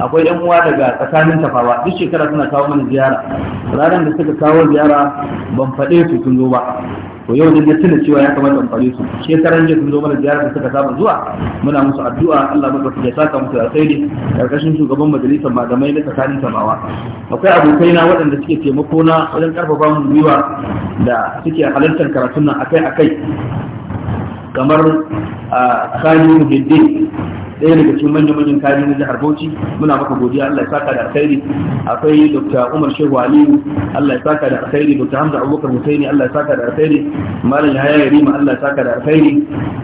akwai yan uwa daga tsakanin tafawa duk shekara suna kawo mana ziyara ranar da suka kawo ziyara ban faɗe su sun zo ba to yau da tuna cewa ya kamata ban faɗe su shekaran jiya sun zo mana ziyara da suka saba zuwa muna musu addu'a Allah maka ya saka musu alkhairi karkashin shugaban majalisar malamai na tsakanin tafawa akwai abokai na waɗanda suke taimako na wajen karfafa mu gwiwa da suke halartar karatun nan akai-akai kamar ah, khani muhiddin ɗaya daga cikin manyan manyan kari na jihar Bauchi muna maka godiya Allah ya saka da alkhairi akwai Dr. Umar Shehu Aliyu Allah ya saka da alkhairi Dr. Hamza Abubakar Hussaini Allah ya saka da alkhairi Malam Yahaya Yarima Allah ya saka da alkhairi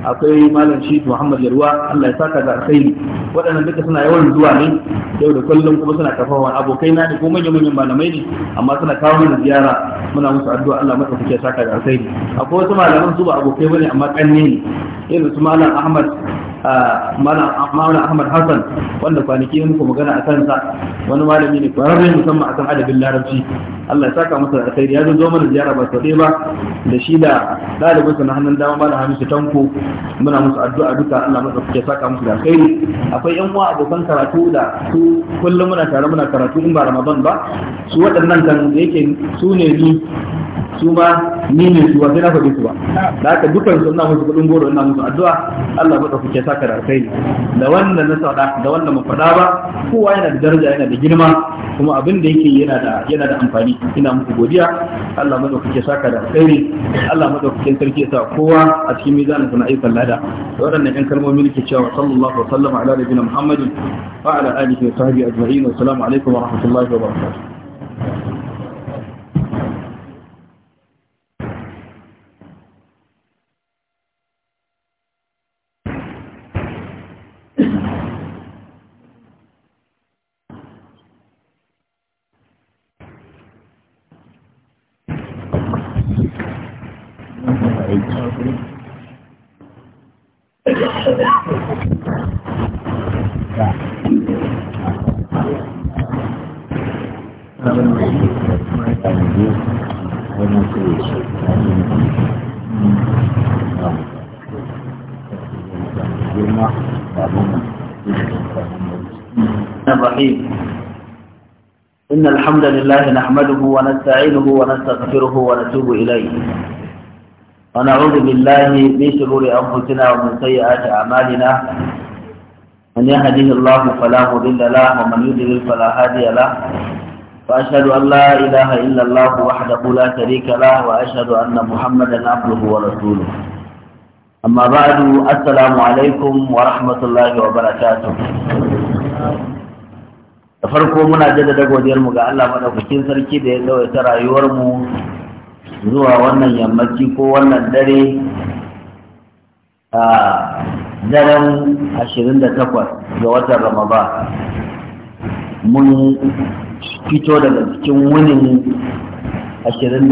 akwai Malam Shi Muhammad Yarwa Allah ya saka da alkhairi waɗannan duka suna yawan zuwa ne yau da kullum kuma suna kafawa wani abokai na ne ko manyan manyan malamai ne amma suna kawo mana ziyara muna musu addu'a Allah maka kuke saka da alkhairi akwai wasu malaman su ba abokai bane amma kanne ne irin su Malam Ahmad Mana Ahmad Hassan wanda kwanaki muku magana a kansa wani malami ne kwararre musamman akan adabin larabci Allah ya saka masa da alkhairi ya zo mana ziyara ba sau ba da shi da ɗalibinsa na hannun dama Malam Hamisu Tanko muna musu addu'a duka Allah masa ya saka musu da alkhairi akwai yan uwa abokan karatu da su kullum muna tare muna karatu in ba Ramadan ba su waɗannan kan yake su ne ni su ma ni ne su ba sai na faɗi su ba da haka dukkan su ina musu kuɗin goro ina musu addu'a Allah ba kuke saka da alkhairi da wanda na sauɗa da wanda mu faɗa ba kowa yana da daraja yana da girma kuma abin da yake yana da yana da amfani ina muku godiya Allah ma kuke saka da alkhairi Allah ma kuke sarki sa kowa a cikin mizanin kuna ayyukan lada waɗannan ɗan kalmomi nake cewa sallallahu alaihi wa sallam ala muhammadin wa ala alihi wa sahbihi ajma'in wa assalamu alaikum wa rahmatullahi wa barakatuh الحمد لله نحمده ونستعينه ونستغفره ونتوب إليه ونعوذ بالله من شرور أنفسنا ومن سيئات أعمالنا من يهده الله فلا مضل له ومن يضلل فلا هادي له وأشهد أن لا إله إلا الله وحده لا شريك له وأشهد أن محمدا عبده ورسوله أما بعد السلام عليكم ورحمة الله وبركاته da farko muna jaddada godiyar mu ga Allah madaukakin sarki da ya tsawaita rayuwar mu zuwa wannan yammaci ko wannan dare a daren 28 ga watan Ramadan mun fito daga cikin wunin 27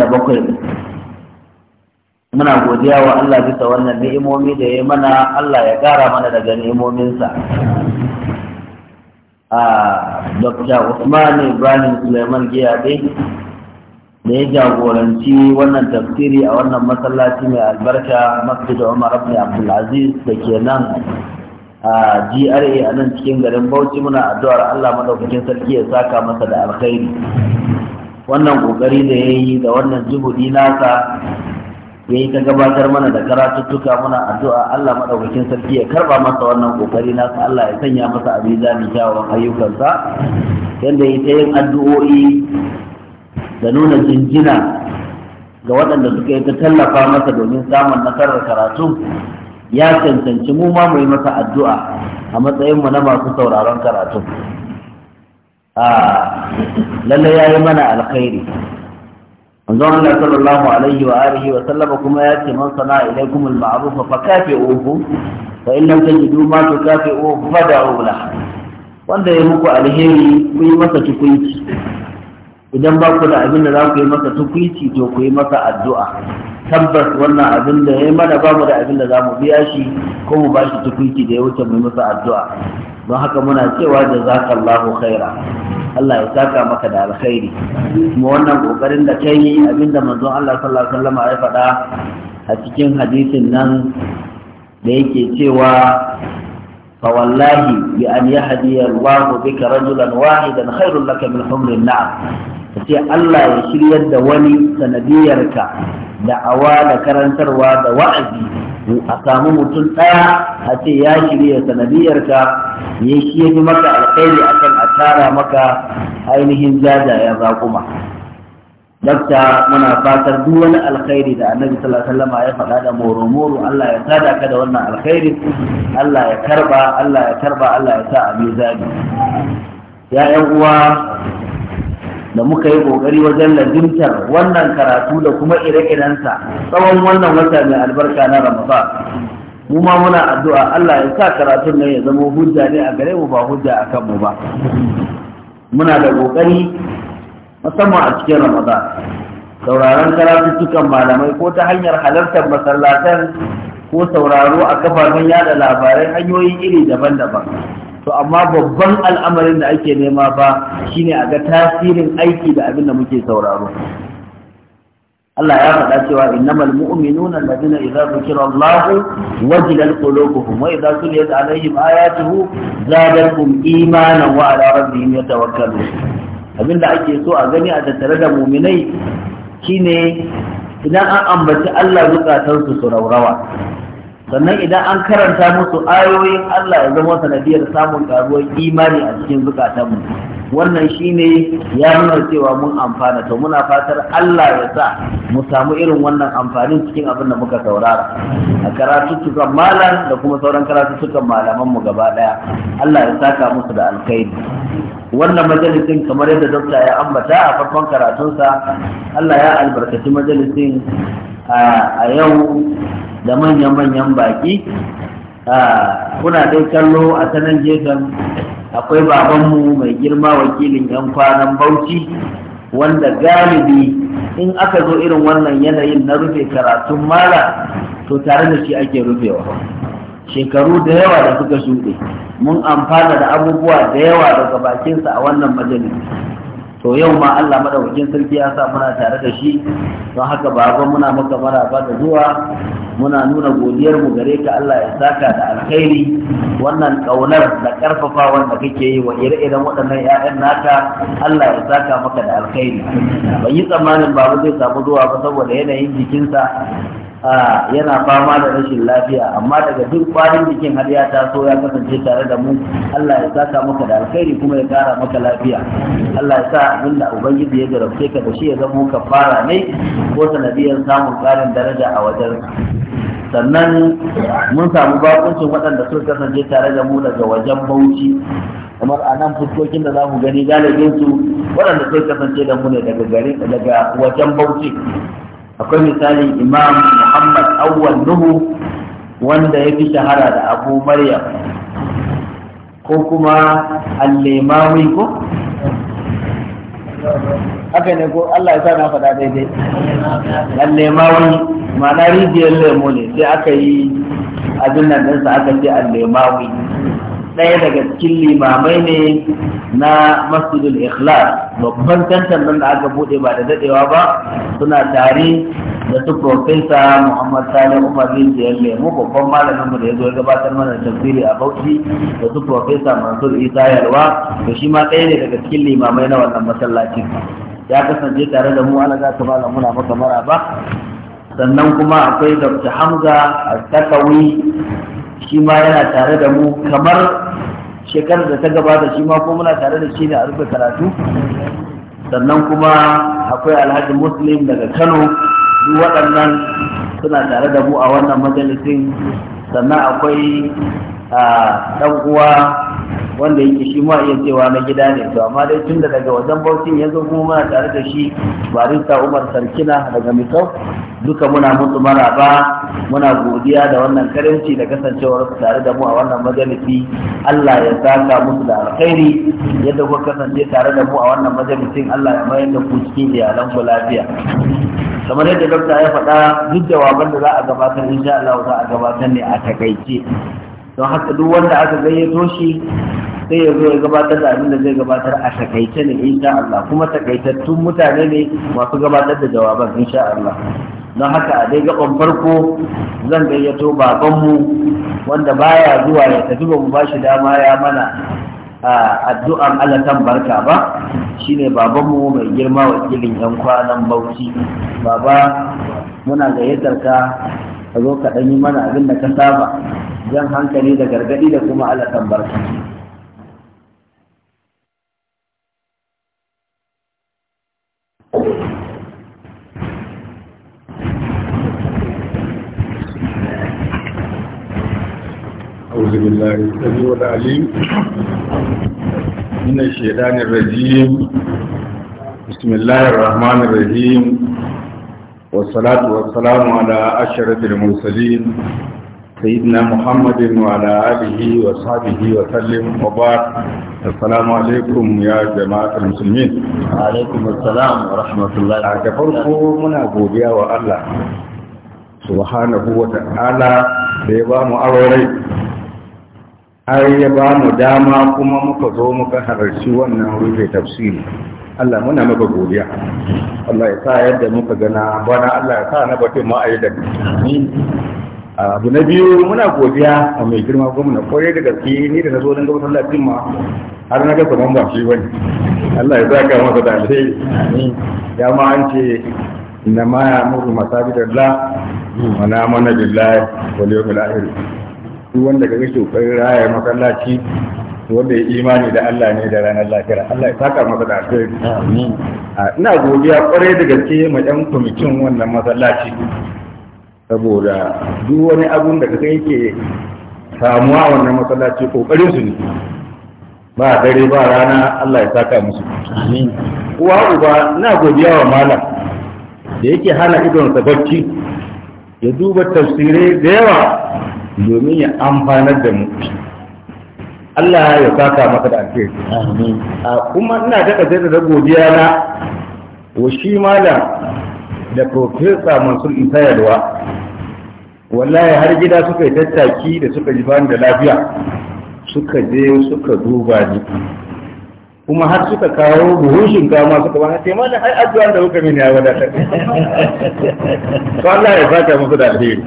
muna godiya wa Allah bisa wannan ni'imomi da ya mana Allah ya ƙara mana daga ni'imominsa Ah, dr usman ibrahim suleiman giyabe da ya jagoranci wannan tafsiri a wannan masallaci mai albarka masjid umar Abdul abdulaziz da ke nan a gra a nan cikin garin bauchi muna addu'ar allah madaukakin sarki ya saka masa da alkhairi wannan kokari da ya yi da wannan juhudi nasa ya yi ta gabatar mana da karatuttuka muna addu'a Allah maɗaukakin sarki ya karɓa masa wannan ƙoƙari nasu Allah ya sanya masa a mizanin kyawawan ayyukansa yadda ya ta yin addu'o'i da nuna jinjina ga waɗanda suka yi ta tallafa masa domin samun nasarar karatu ya cancanci mu ma mu yi masa addu'a a matsayin mu na masu sauraron karatu. Ah, lallai ya yi mana alkhairi. manzon Allah sallallahu alaihi wa alihi wa sallama kuma ya ce man sana ilaikum al ma'ruf fa kafi'uhu fa in lam tajidu ma tukafi'uhu fad'u la wanda ya muku alheri ku yi masa tukunci idan ba ku da abin da za ku yi masa tukunci to ku yi masa addu'a tabbas wannan abin da ya yi mana ba mu da abin da za mu biya shi ko mu ba shi tukunci da ya wuce mu yi masa addu'a don haka muna cewa da zaka Allahu khaira Allah ya saka maka da alkhairi kuma wannan kokarin da kai abinda manzon Allah sallallahu alaihi wasallam ya faɗa a cikin hadisin nan da yake cewa fa wallahi bi an yahdi Allah bika rajulan wahidan khairul laka min humrin na'am sai Allah ya shiryar da wani sanadiyarka da'awa da karantarwa da wa'azi a samu mutum ɗaya a ce ya shirya sanadiyarka ya shi ya fi maka alkhairi akan a tara maka ainihin jajaya raƙuma dakta muna fatar duk wani alkhairi da annabi sallallahu alaihi wasallam ya faɗa da moro-moro Allah ya sada ka da wannan alkhairi Allah ya karba Allah ya karba Allah ya sa a mizani ya uwa da muka yi kokari wajen lazimtar wannan karatu da kuma ire-irensa tsawon wannan wata mai albarka na ramadan mu ma muna addu'a Allah ya sa karatun nan ya zama hujja ne a gare mu ba hujja a kanmu ba muna da kokari musamman a cikin ramadan sauraron karatuttukan malamai ko ta hanyar halartar masallatan ko sauraro a kafafen yada labarai hanyoyi iri daban-daban to amma babban al'amarin da ake nema ba shine a ga tasirin aiki da abin da muke sauraro Allah ya faɗa cewa innamal mu'minuna alladhina idza dhukira Allah wajilat qulubuhum wa idza tuliyat alaihim ayatuhu zadatuhum imanan wa ala rabbihim yatawakkalun abinda ake so a gani a tattare da mu'minai shine idan an ambaci Allah zukatansu su raurawa sannan idan an karanta musu ayoyin Allah ya zama sanadiyar samun karuwar imani a cikin zukatanmu wannan shine ya nuna cewa mun amfana to muna fatar Allah ya sa mu samu irin wannan amfanin cikin abin da muka saurara a karatuttukan malam da kuma sauran karatuttukan malaman mu gaba daya Allah ya saka musu da alkhairi wannan majalisin kamar yadda dokta ya ambata a farkon karatunsa Allah ya albarkaci majalisin a yau da manyan-manyan baki kuna dai kallo a sanan jefan akwai babanmu mai girma wakilin yan kwanan bauchi wanda galibi in aka zo irin wannan yanayin na rufe karatun mala to tare da shi ake rufewa shekaru da yawa da suka shuɗe mun amfana da abubuwa da yawa daga bakinsa a wannan majalisi to yau ma Allah madaukakin sarki ya sa muna tare da shi don haka baba muna maka maraba da zuwa muna nuna godiyar mu gare ka Allah ya saka da alkhairi wannan kaunar da karfafawan da kake yi wa ire-iren waɗannan ƴaƴan naka Allah ya saka maka da alkhairi ban yi tsammanin babu zai samu zuwa ba saboda yanayin jikinsa yana fama da rashin lafiya amma daga duk kwarin jikin har ya taso ya kasance tare da mu Allah ya saka maka da alkhairi kuma ya kara maka lafiya Allah ya sa abin da ubangiji ya jarabce ka da shi ya zama fara ne ko sanadiyar samun karin daraja a wajen sannan mun samu bakuncin waɗanda sun kasance tare da mu daga wajen bauchi kamar a nan fuskokin da za mu gani galibinsu waɗanda suka kasance da mu ne daga wajen bauchi akwai misalin imam muhammad awwal nuhu wanda ya fi shahara da abu maryam ko kuma allemawi ko haka ne ko allah ya sa na faɗa daidai allemawi ma'ana rijiyar lemo ne sai aka yi abin nan ɗinsa aka ce allemawi ɗaya daga cikin limamai ne na masjidul ikhlas babban tantan nan da aka bude ba da dadewa ba suna tare da su profesa muhammad sani umar bin jiyar lemu babban malamin mu da ya zo ya gabatar mana tafsiri a bauchi da su profesa mansur isa yalwa to shi ma ɗaya ne daga cikin limamai na wannan masallacin ya kasance tare da mu ana za ka bala muna maka mara ba sannan kuma akwai dr hamza al-takawi shi ma yana tare da mu kamar shekarar da ta gabata shi ma ko muna tare da shi ne a rufe karatu sannan kuma akwai alhaji muslim daga kano duk waɗannan suna tare da mu a wannan majalisin sannan akwai ah, ɗan uwa wanda yake shi ma iya cewa na gida ne to amma dai tun da daga wajen bautin ya zo kuma muna tare da shi barista umar sarkina daga mikau duka muna mutu mara ba, muna godiya da wannan karanci da kasancewar su tare da mu a wannan majalisi Allah ya saka musu da alkhairi yadda kuka kasance tare da mu a wannan majalisin Allah ya mayar da ku cikin iyalan ku lafiya kamar yadda dokta ya faɗa duk jawaban da za a gabatar insha Allah za a gabatar ne a takaice don haka duk wanda aka gayyato shi sai ya zo ya gabatar da abin da zai gabatar a takaice ne insha Allah kuma takaitattun mutane ne masu gabatar da jawaban insha Allah don haka a dai gaban farko zan gayyato babanmu wanda baya zuwa ya tafi ba mu ba shi dama ya mana addu'an alatan barka ba shine babanmu mai girma wakilin yan kwanan bauchi baba muna gayyatar ka ka zo ka ɗan mana abin da ka saba jan hankali da gargaɗi da kuma alasan barka أعوذ بالله السميع العليم من الشيطان الرجيم بسم الله الرحمن الرحيم والصلاة والسلام على أشرف المرسلين سيدنا محمد وعلى آله وصحبه وسلم وبعد السلام عليكم يا جماعة المسلمين وعليكم السلام ورحمة الله وبركاته منا godiya wa Allah subhanahu wa ta'ala da ya ba mu aure har ya ba mu dama kuma muka zo muka halarci wannan rufe tafsiri Allah muna maka godiya Allah ya sa yadda muka gana bana Allah ya sa na batun ma a da abu na biyu muna godiya a mai girma gwamna kwarai da gaske ni da na zo don gabatar da ma har na ga saman ba shi wani Allah ya zaka masa da alheri ya ma an ce inna ma ya muru masajidallah wa na mana billahi wal yawmil akhir duk wanda ga shi kokarin raya masallaci wanda ya imani da Allah ne da ranar lafiya Allah ya saka masa da alheri ina godiya kwarai da gaske ma ɗan kwamitin wannan masallaci saboda duk wani abun da kaga yake samuwa wannan masallaci kokarin su ne ba dare ba rana Allah ya saka musu amin uwa uba ina godiya wa malam da yake hana idon sa bacci ya duba tafsirai da yawa domin ya amfanar da mu Allah ya saka maka da alheri kuma ina ta kace da godiya na wa shi malam da professor Mansur Isa Yalwa wallahi har gida suka yi tattaki da suka ji bani da lafiya suka je suka duba ni kuma har suka kawo buhushin shinkawa suka ba ce mana ai addu'a da kuka mini a wadatar to Allah ya saka musu da alheri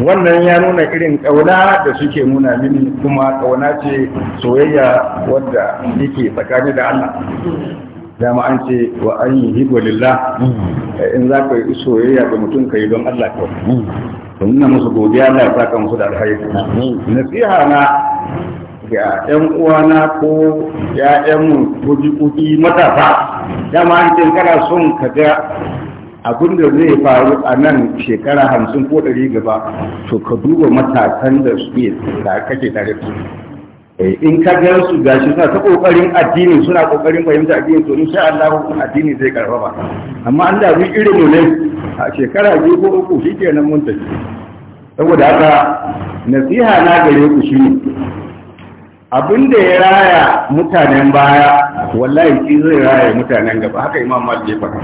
wannan ya nuna irin kauna da suke nuna mini kuma kauna ce soyayya wadda yake tsakani da Allah dama an ce wa an yi higo lillah in za ka yi soyayya ga mutum ka yi don Allah kawai to nuna musu godiya Allah ya saka musu da alheri nasiha na ga ‘yan uwana ko ‘ya'yanmu ko jikuki matasa dama an ce kana son ka ga abin da zai faru a nan shekara hamsin ko ɗari gaba to ka duba matasan da suke kake tare da su eh, in ka gan su gashi suna ta ƙoƙarin addini suna ƙoƙarin fahimta addini to sha Allah addini zai karfafa amma an da mun irin ne a shekara biyu ko uku nan mun tafi saboda haka nasiha na gare ku shine abin da ya raya mutanen baya wallahi shi zai raya mutanen gaba haka imam malik ya faɗa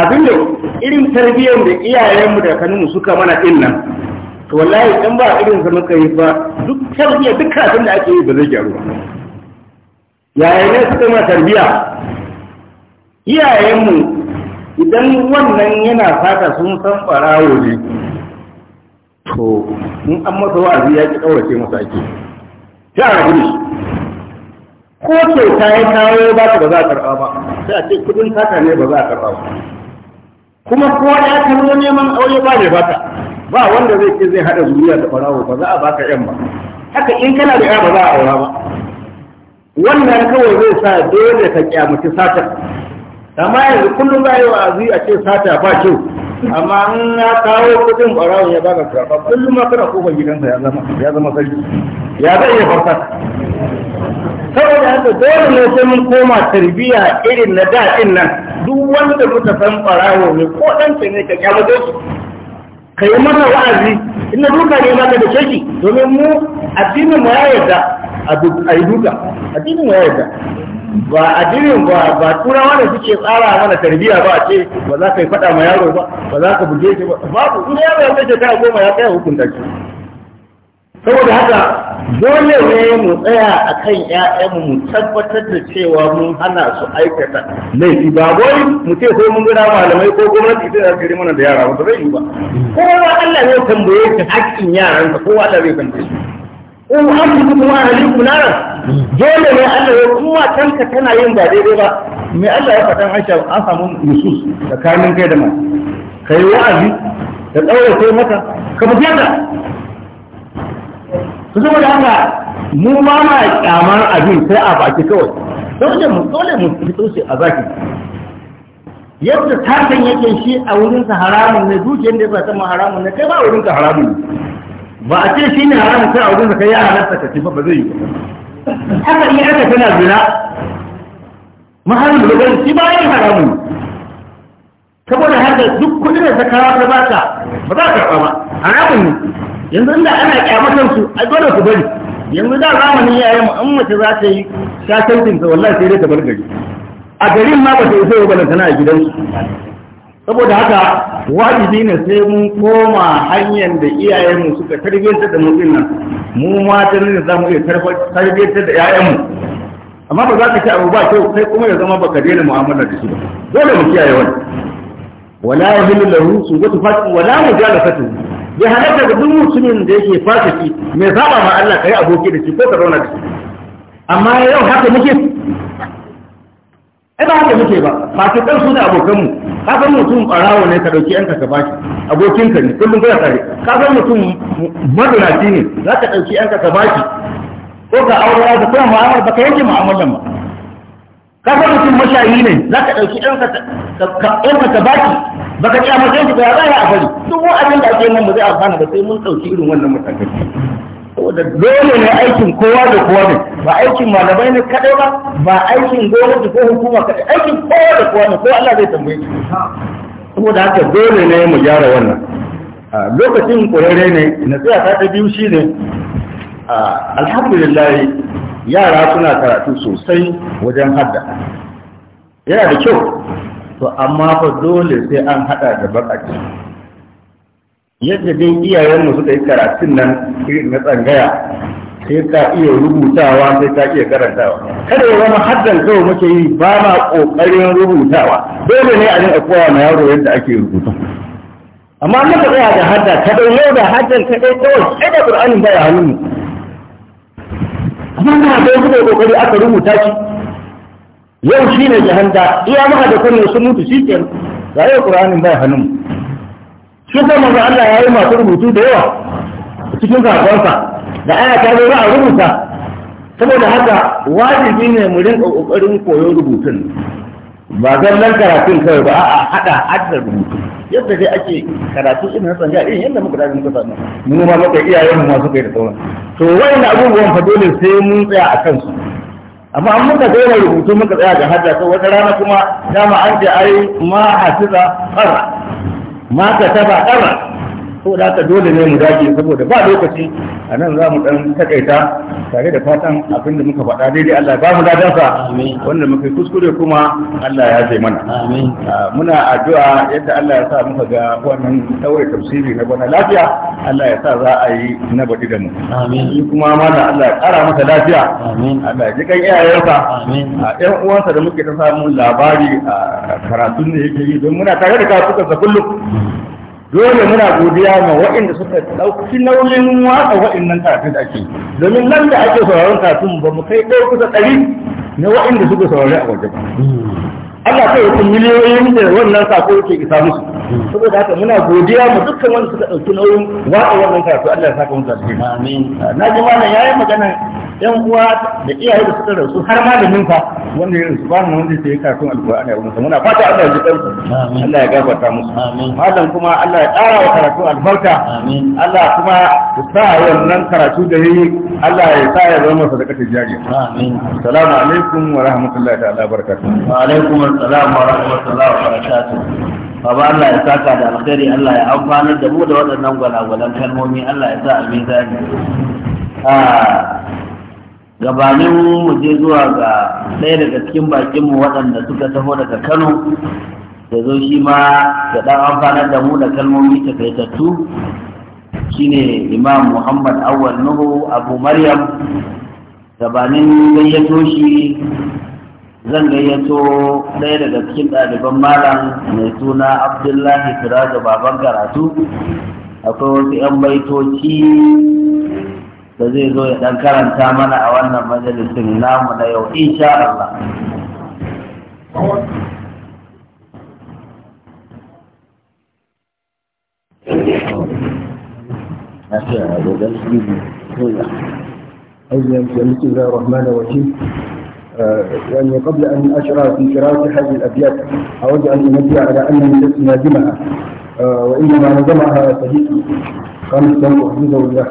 abin da irin tarbiyyar da iyayenmu da kanunmu suka mana din nan to wallahi dan ba irin sa muka yi ba duk tarbiyyar duk kafin da ake yi ba zai gyaru ba yaya ne suka mana tarbiyya iyayenmu idan wannan yana fata sun san barawo ne to in an masa wa'azi ya ki kaurace masa ake ya rabu ne ko ta yi kawo ba ba za a karɓa ba sai a ce kudin taka ne ba za a karɓa ba kuma ko ya kallo neman aure ba ne baka ba wanda zai ce zai haɗa zuriya da ɓarawo ba za a baka yan ba haka in kana da ya ba za a aura ba wannan kawai zai sa dole ka kyamaci sata amma yanzu kullum za a yi wa a ce sata ba kyau amma an ya kawo kudin ɓarawun ya baka karɓa kullum ma kana kofar gidansa ya zama ya zama sarki ya zai iya farka saboda haka dole ne sai mun koma tarbiyya irin na da din nan duk wanda muka san ɓarawo ne ko ɗan ce ne ka da doki ka yi masa wa'azi in na duka ne maka da shaki domin mu addinin mu ya yarda a yi duka addinin mu ya yarda ba addinin ba ba turawa da suke tsara mana tarbiyya ba ce ba za ka yi faɗa ma yaro ba ba za ka buge shi ba babu in yaro ya kai goma ya kai hukunta shi saboda haka dole ne mu tsaya a kan ‘ya'yanmu mu tabbatar da cewa mun hana su aikata laifi ba wai mu ce sai mun gina malamai ko gwamnati sai za su mana da yara ba zai yi ba kowa Allah ne tambaye shi haƙƙin yaransa kowa Allah zai tambaye shi in an kuma na nan dole ne Allah ya kuma kanka tana yin ba daidai ba me Allah ya faɗan Aisha an samu da tsakanin kai da mai kai wa'azi da tsawon kai maka ka fita da zama saboda haka mu ma ma kyamar abin sai a baki kawai dole mu dole mu fi shi a zaki yadda tartan yake shi a wurin sa haramun ne dukiyar da ya sa haramun ne kai ba wurin ka haramun ne ba a ce shi ne haram sai a wajen zakai ya halatta ka ce ba zai yi ba haka in aka tana zina maharin da shi ba yin haramun saboda haka duk kudin da zakawa ba baka ba za ka karba ba haramun ne yanzu inda ana kyamatar su a dole su bari yanzu da zamanin yayin mu an mace za ta yi shashancin ta wallahi sai dai ta bar gari a garin ma ba ta yi isa yau na a gidansu saboda haka wajibi ne sai mun koma hanyar da iyayenmu suka tarbiyyar da mutum nan mu mata ne za mu iya tarbiyyar da iyayenmu amma ba za ka ci abu ba kyau sai kuma ya zama ba ka daina mu'amala da shi ba dole mu kiyaye wani wala yahillu lahu subutu fasq wala mujalasatu bi halaka da duk mutumin da yake fasiki mai saba ma Allah kai aboki da shi ko ka zauna da shi amma yau haka muke ai ba haka muke ba masu kan su ne abokanmu ka san mutum barawo ne ka ɗauki yanka ka bashi abokin ka ne kullum kana tare ka san mutum madalaci ne za ka ɗauki yanka ka bashi ko ka aure da kuma mu'amala ba ka yanke mu'amalan ba ka san mutum mashayi ne za ka ɗauki yanka ka bashi ba ka kyamata a matsayin ya zai a bari, duk wani abin da ake nan ba zai amfana ba sai mun dauki irin wannan mutakai saboda dole ne aikin kowa da kowa ne ba aikin malamai ne kadai ba ba aikin gwamnati ko hukuma kadai aikin kowa da kowa ne ko Allah zai tambaye shi saboda haka dole ne mu gyara wannan lokacin kurere ne tsaya ta ta biyu shine alhamdulillah yara suna karatu sosai wajen hadda yana da kyau to amma fa dole sai an hada da bakaki yadda dai iyayenmu suka yi karatun nan irin na tsangaya sai ka iya rubutawa sai ka iya karantawa kada ya zama haddan kawai muke yi ba ma kokarin rubutawa dole ne a dinga kowa na yaro yadda ake rubutu amma an ka tsaya da hadda ka dai yau da haddan ka dai kawai sai da qur'anin baya hannu. amma na dai kuka kokari aka rubuta shi yau shine jahanda iya maka da kullum sun mutu shi kenan ga ba qur'anin baya hannunmu shi sa manzo Allah ya yi masu rubutu da yawa cikin zakonsa da aya ta zo za a rubuta saboda haka wajibi ne mu rinka kokarin koyon rubutun ba zallan karatun kawai ba a hada hadda rubutu yadda dai ake karatu irin na sanja irin yadda muka dace muka samu mu ma muka iyayen mu masu kai da sauran to wanda abubuwan fa dole sai mun tsaya a kansu amma an muka daina rubutu muka tsaya ga hadda to wata rana kuma dama an ce ai ma hasiza fara ma ka taba so da haka dole ne mu dage saboda ba lokaci a nan za mu dan takaita tare da fatan abin da muka faɗa daidai Allah ba mu sa wanda muka kuskure kuma Allah ya zai mana muna addu'a yadda Allah ya sa muka ga wannan daure tafsiri na bana lafiya Allah ya sa za a yi na baɗi da mu amin kuma mana Allah ya ƙara masa lafiya Allah ya ji kan iyayensa a Yan uwansa da muke ta samun labari a karatun ne yake yi don muna tare da sa kullum dole muna godiya ma waɗanda suka ɗauki nauyin watsa waɗannan karatun da ake domin nan da ake sauraron karatun ba mu kai ɗau kusa ɗari na waɗanda suka saurari a wajen Allah kai wasu miliyoyin da wannan sako yake isa musu saboda haka muna godiya ma dukkan wanda suka ɗauki nauyin watsa wannan karatu Allah ya saka musu alheri amin na ji malam yayi magana yan uwa da iyaye da suka rasu har ma da fa wanda ya rasu ba mu wanda sai karatun alqur'ani a wurin muna fata Allah ya ji kansu Allah ya gafarta musu malam kuma Allah ya ƙara wa karatu albarka Allah kuma ya sa wannan karatu da yayi Allah ya sa ya zama sadaka ta jariya amin assalamu alaikum wa rahmatullahi ta'ala barakatuh wa alaikum assalam wa rahmatullahi wa barakatuh Baba Allah ya saka da alkhairi Allah ya amfanar da mu da waɗannan gwalagwalan kalmomi Allah ya sa a mizani ah, gabanin mu je zuwa ga ɗaya daga cikin bakinmu waɗanda suka taho daga kano da zo shi ma da ɗan amfanar da mu da kalmomi takaitattu shine imam muhammad awal nuhu abu maryam gabanin gayyato shi zan gayyato ɗaya daga cikin ɗaliban malam mai suna abdullahi sirajo baban karatu akwai wasu 'yan baitoci da zai zo ya dan karanta mana a wannan majalisun namu na yau insha Allah بسم الله الرحمن الرحيم يعني قبل أن أشرع في قراءة هذه الأبيات أود أن أنبه على أنني لست ناجمها وإنما نظمها صديقي قام السلام حفظه الله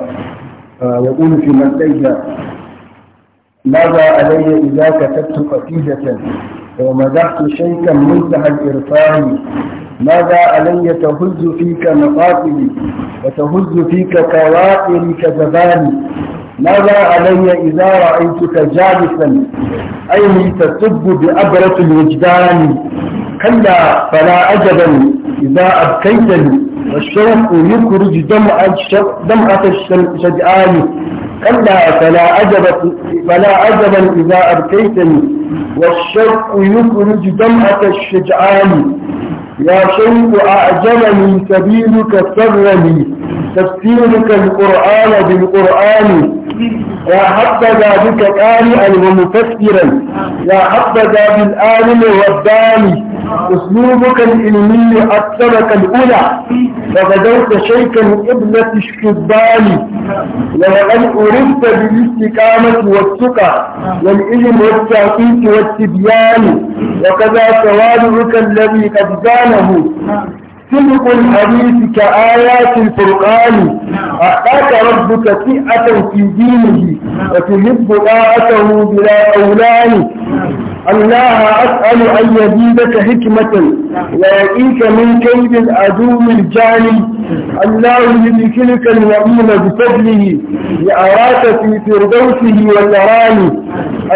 آه، يقول في منتجة ماذا علي إذا كتبت قتيجة ومدحت شيكا منتهى الإرفاعي ماذا علي تهز فيك مقاتلي وتهز فيك كوائري كزباني ماذا علي إذا رأيتك جالسا أيني تسب بأبرة الوجدان كلا فلا أجبا إذا أبكيتني والشرف يخرج دمع دمعة الشجعان كلا فلا عجب فلا عجبا إذا أبكيتني والشرق يخرج دمعة الشجعان يا شيخ أعجبني سبيلك سرني تفسيرك القرآن بالقرآن يا حبذا بك قارئا ومفسرا يا حبذا بالآلم الرباني أسلوبك العلمي أكثرك الأولى فغدوت شيكا ابنة الشبان ولقد أردت بالاستقامة والثقة والإلم والتعقيد والتبيان وكذا توابعك الذي قد زاد سبحانه سبق الحديث كآيات الفرقان أحقاك ربك فئة في دينه وتهب طاعته بلا أولان الله أسأل أن يزيدك حكمة ويعيك من كيد العدو الجاني الله يذكرك النعيم بفضله لأراك في فردوسه والأراني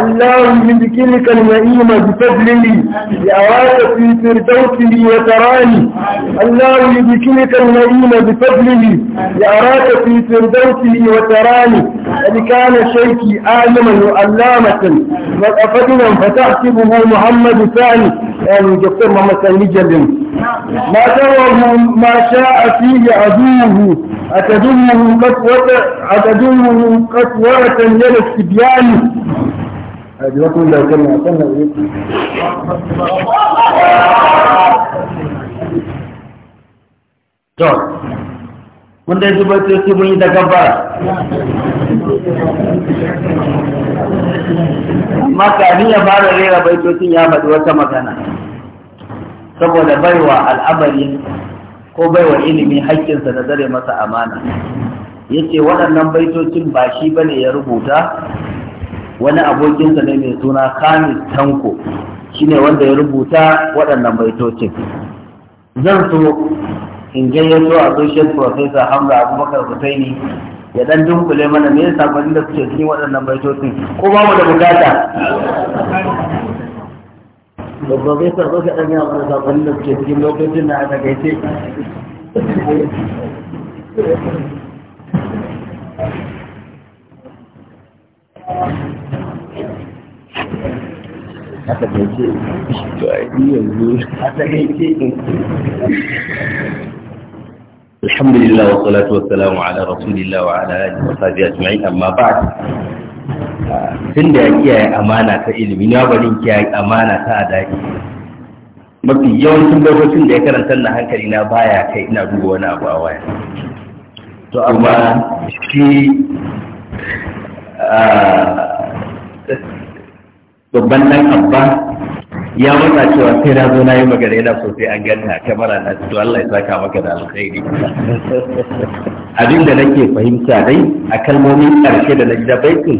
الله يذكرك النعيم بفضله لأراك في فردوسه وتراني الله يذكرك النعيم بفضله لأراك في فردوسه وتراني إن كان شيخي عالما وعلامة وقفتنا فتحت خطيبه محمد ثاني يعني الدكتور محمد ثاني جلم ما دوره ما شاء فيه عدوه أتدمه قسوة أتدمه قسوة يد السبيان هذه وقت لو كان يعطينا kun dai zubar su mun yi da gabar maka ni ya fara rera baitocin ya faɗi wata magana saboda baiwa al'amari ko baiwa ilimi haƙƙinsa na zare masa amana Ya ce waɗannan baitocin ba shi ba ne ya rubuta wani abokinsa ne mai suna kamis tanko shine wanda ya rubuta waɗannan baitocin zan so in a social professor hamza abubakar husaini ya dan dunkule mana me yasa ban da suke cikin waɗannan baitocin ko ba mu da bukata da professor ko ka dan yawa da sabanin da kuke cikin lokacin da aka gaishe a takaice a takaice الحمد لله والصلاة والسلام على رسول الله وعلى آله وصحبه أجمعين أما بعد tunda kiyaye amana ta ilimi na barin kiyaye amana ta adaki mafi yawancin lokacin da ya karanta na hankali na baya kai ina duba wani abu a waya to amma shi ah, babban dan abba ya matsa cewa sai na zo na yi magana yana so sai an ganta kamar na to Allah ya saka maka da alkhairi abin da nake fahimta dai a kalmomin karshe da na ji da baitin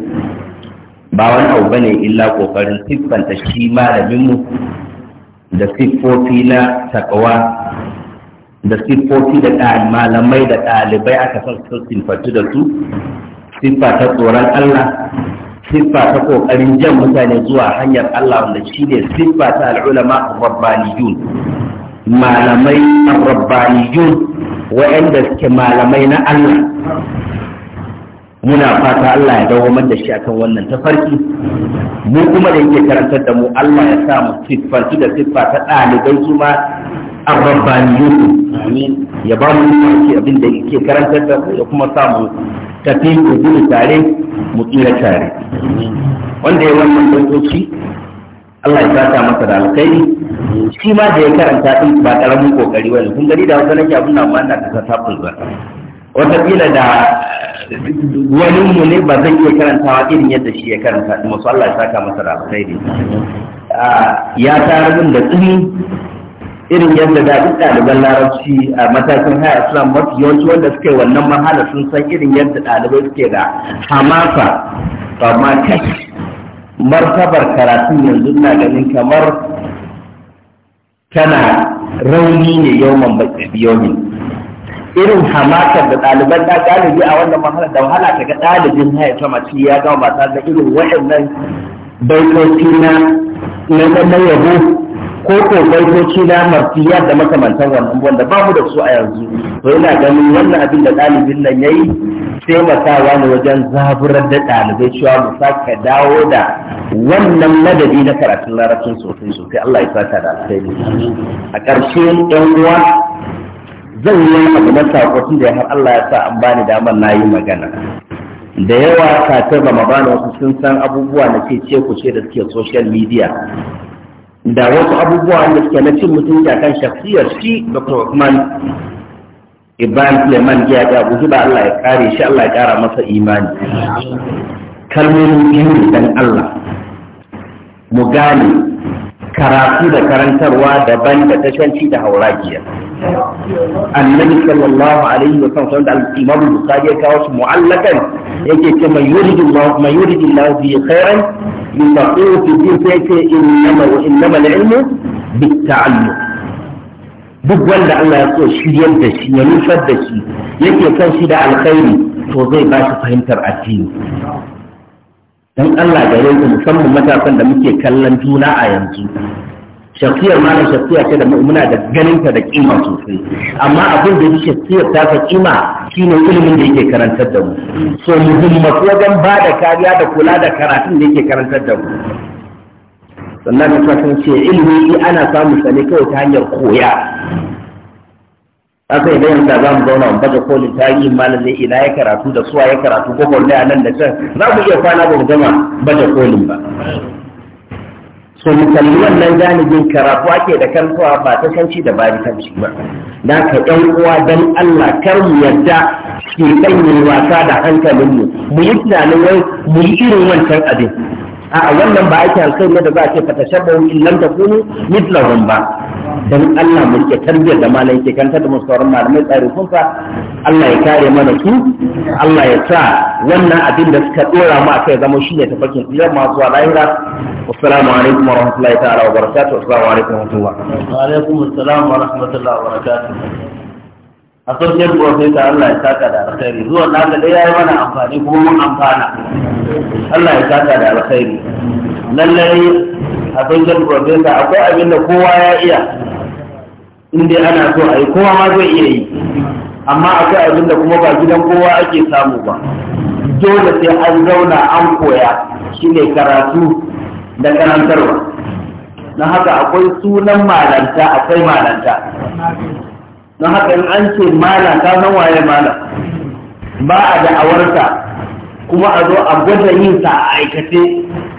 ba wani abu bane illa kokarin siffanta shi malamin mu da siffofi na takawa da siffofi da malamai da ɗalibai aka san sun siffatu da su siffa ta tsoron Allah siffa ta kokarin jan mutane zuwa hanyar Allah wanda shi ne siffa ta al'ulama rabbaniyun malamai rabbaniyun wa'anda suke malamai na Allah muna fata Allah ya dawamar da shi akan wannan tafarki mu kuma da yake karantar da mu Allah ya sa mu sifatu da siffa ta ɗaliban su ma arrabbaniyun amin ya ba mu yake abin da yake karanta da mu ya kuma samu mu tafi mu gudu tare mu tsira tare wanda ya wannan dokoki Allah ya saka masa da alkhairi shi ma da ya karanta din ba karamin kokari wani kun gani da wata nake abin nan ma ina ta tafi ba kila da wani mu ne ba zan iya karantawa irin yadda shi ya karanta kuma su Allah ya saka masa da alkhairi ya tarin da tsini irin yadda da duk ɗaliban larabci a matakin haya islam mafi yawanci wanda suke wannan mahala sun san irin yadda ɗalibai suke da hamasa amma kai martabar karatun yanzu na ganin kamar tana rauni ne yawan biyomin irin hamakar da ɗaliban da ɗalibi a wannan mahala da wahala ta ga ɗalibin haya ta mace ya gama ba ta da irin waɗannan baitoci na na yabo ko ko baitoci na martiya da makamantan wannan wanda ba mu da su a yanzu to ina ganin wannan abin da ɗalibin nan yayi taimakawa ne wajen zaburar da ɗalibai cewa mu saka dawo da wannan madadi na karatun larabcin sosai sosai Allah ya saka da alheri a ƙarshe ɗan uwa zan yi abu na sakokin da har Allah ya sa an bani damar na yi magana da yawa kafin bani wasu sun san abubuwa na ke ce ku ce da suke social media da wasu abubuwa da suke na cin mutunci kan shafiyar shi da usman ibrahim suleiman ya ga abu ba allah ya kare shi allah ya kara masa imani kalmomin biyu dan allah mu gane karatu da karantarwa daban da tashanci da hauragiya annabi sallallahu alaihi wa sallam da al-imam bukhari ya kawo su mu'allakan yake ce mai yuridu Allah mai yuridu Allah bi khairan yufaqihu fi din sai ce innama wa innama al-ilmu bi ta'allum duk wanda Allah ya so shiryar da shi ya nufar da shi yake son shi da alkhairi to zai ba shi fahimtar addini don Allah gare ku musamman matasan da muke kallon juna a yanzu shafiyar malam shafiya ce da mu'mina da ganin ganinta da kima sosai amma abin da yake shafiyar ta ka kima shine ilimin da yake karantar da mu so mu muhimmatu wajen ba da kariya da kula da karatun da yake karantar da mu sannan ta sun ce ilimi ana samu sa ne kawai ta hanyar koya aka bayan da za mu zauna mu baje kolin tarihin malam ne ina ya karatu da suwa ya karatu ko kwalle a nan da can za mu iya kwana ba mu gama baje kolin ba so mu kalli wannan janibin karatu ake da kantuwa ba ta sanci da bari kanci ba da ka ɗan uwa dan Allah kar mu yadda ke kan wasa da hankalin mu mu yi tunanin wai mu yi irin wancan abin a wannan ba ake alkai ne da za a ce fata wani shabbahu illam takunu mithlahum ba don Allah mu ke tarbiyyar da malai ke kanta da sauran malamai tsari kunsa Allah ya kare mana su Allah ya sa wannan abin da suka dora mu akai zama ne tafakin tsiyar ma zuwa lahira assalamu alaikum wa rahmatullahi ta'ala wa barakatuh assalamu alaikum wa rahmatullahi wa alaikum wa rahmatullahi wa barakatuh sai ta Allah ya saka da alkhairi zuwa na ga ya yi mana amfani kuma mun amfana Allah ya saka da alkhairi lallai sai ta akwai abin da kowa ya iya in dai ana so a yi kowa ma zai iya yi amma akwai abin da kuma ba gidan kowa ake samu ba dole sai an zauna an koya shine karatu da karantarwa na haka akwai sunan malanta akwai malanta Na haka in an ce mala ka san waye mala ba a da'awarsa kuma a zo a gwada yin sa a aikace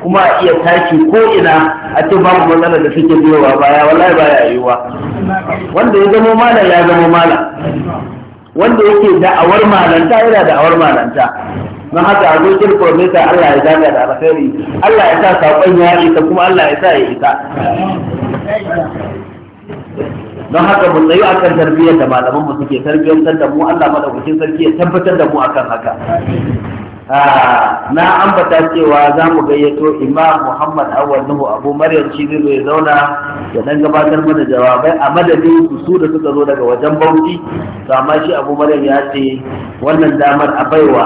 kuma a iya tashi ko ina a ce babu matsala da suke biyowa baya wallahi baya yiwuwa wanda ya zama mala ya zama mala wanda yake da'awar malanta yana da'awar malanta Na haka a zo kirko Allah ya zaga da alkhairi Allah ya sa sakon ya isa kuma Allah ya sa ya isa don haka mu tsayi akan tarbiyyar da malaman mu suke tarbiyyantar da mu Allah madaukakin sarki ya tabbatar da mu akan haka ah, na ambata cewa za mu gayyato imam muhammad awal nuhu abu maryam shi zai zauna ya dan gabatar mana jawabai a madadin su su da suka zo daga wajen bauchi to amma shi abu maryam ya ce wannan damar a baiwa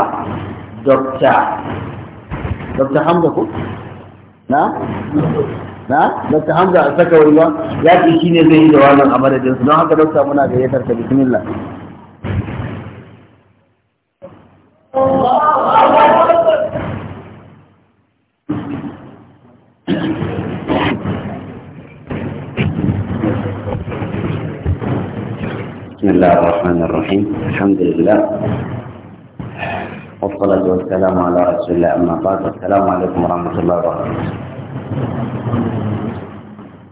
dr dr hamza ko na na dr hamza a saka wani ba ya ce shi ne zai yi da wannan a madadin su don haka dokta muna gayyatar ka bismillah بسم الله الرحمن الرحيم الحمد لله والصلاة والسلام على رسول الله أما بعد السلام عليكم ورحمة الله وبركاته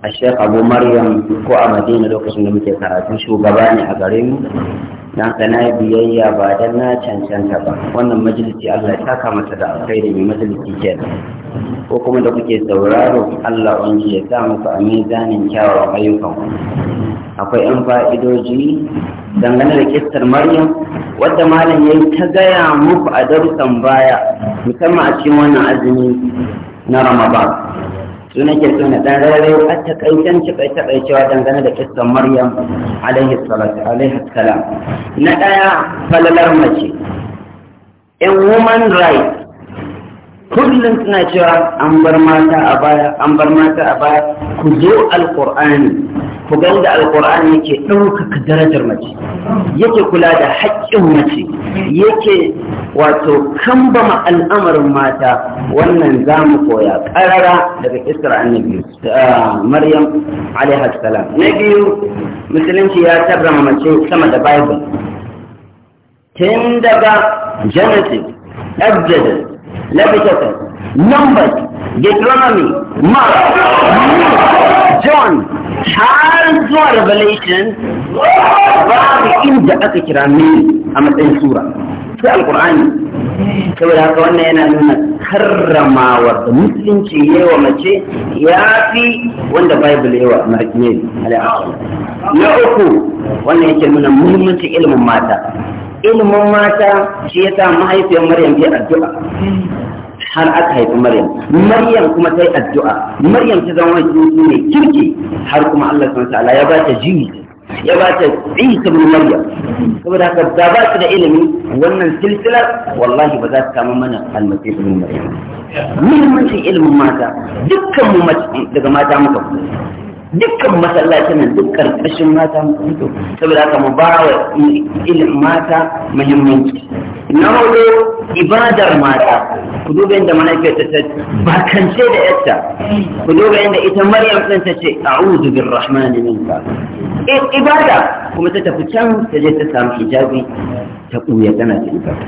a shek abu maryam ko a madina lokacin da muke karatun shugaba ne a gare mu na haka biyayya ba don na cancanta ba wannan majalisi allah ta kamata da alkhairi mai majalisi ke ko kuma da kuke sauraro allah wani ya sa muku a mizanin kyawawan ayyukan akwai yan fa'idoji dangane da kistar maryam wadda malam ya yi ta gaya muku a darussan baya musamman a cikin wannan azumi na Ramadan suna ke so dan rarrayo a takaitan ci kai cewa dangane da kissan Maryam alaihi salatu alaihi salam na ɗaya falalar mace in woman right kullum suna cewa an bar mata a baya an bar mata a baya ku zo alqur'ani ku ga da alqur'ani yake ɗaukaka darajar mace yake kula da haƙƙin mace yake wato kambama al'amarin mata wannan za mu koya ƙarara daga isra annabi eh, maryam alaihi salam na biyu musulunci ya tarrama mace sama da bible tun daga genesis exodus Leviticus, Numbers, Deuteronomy, Mark, Luke, John, har zuwa Revelation babu inda aka kira mini a matsayin sura. Sai Alƙur'ani, saboda haka wannan yana nuna karramawar da musulunci yawa mace ya fi wanda Bible yawa Mark Mary. Na uku, wannan yake nuna muhimmancin ilimin mata. ilimin mata shi ya sa mahaifiyar Maryam ta addu'a har aka haifi Maryam Maryam kuma ta yi addu'a Maryam ta zama kirki mai kirki har kuma Allah subhanahu ta'ala ya ba ta jini ya ba ta Isa ibn Maryam saboda haka da ba su da ilimi wannan silsilar wallahi ba za su kama mana almasi ibn Maryam muhimmancin ilimin mata dukkan mu daga mata muka fito dukkan masallacin nan duk karkashin mata mutu saboda haka mu ba wa ilimin mata muhimmanci na hudu ibadar mata ku duba yadda mahaifiyarta ta bakance da yarta ku duba yadda ita maryam din ta ce a'udhu birrahmani minka eh, ibada kuma ta tafi can ta je ta samu hijabi ta kuya tana ta ibada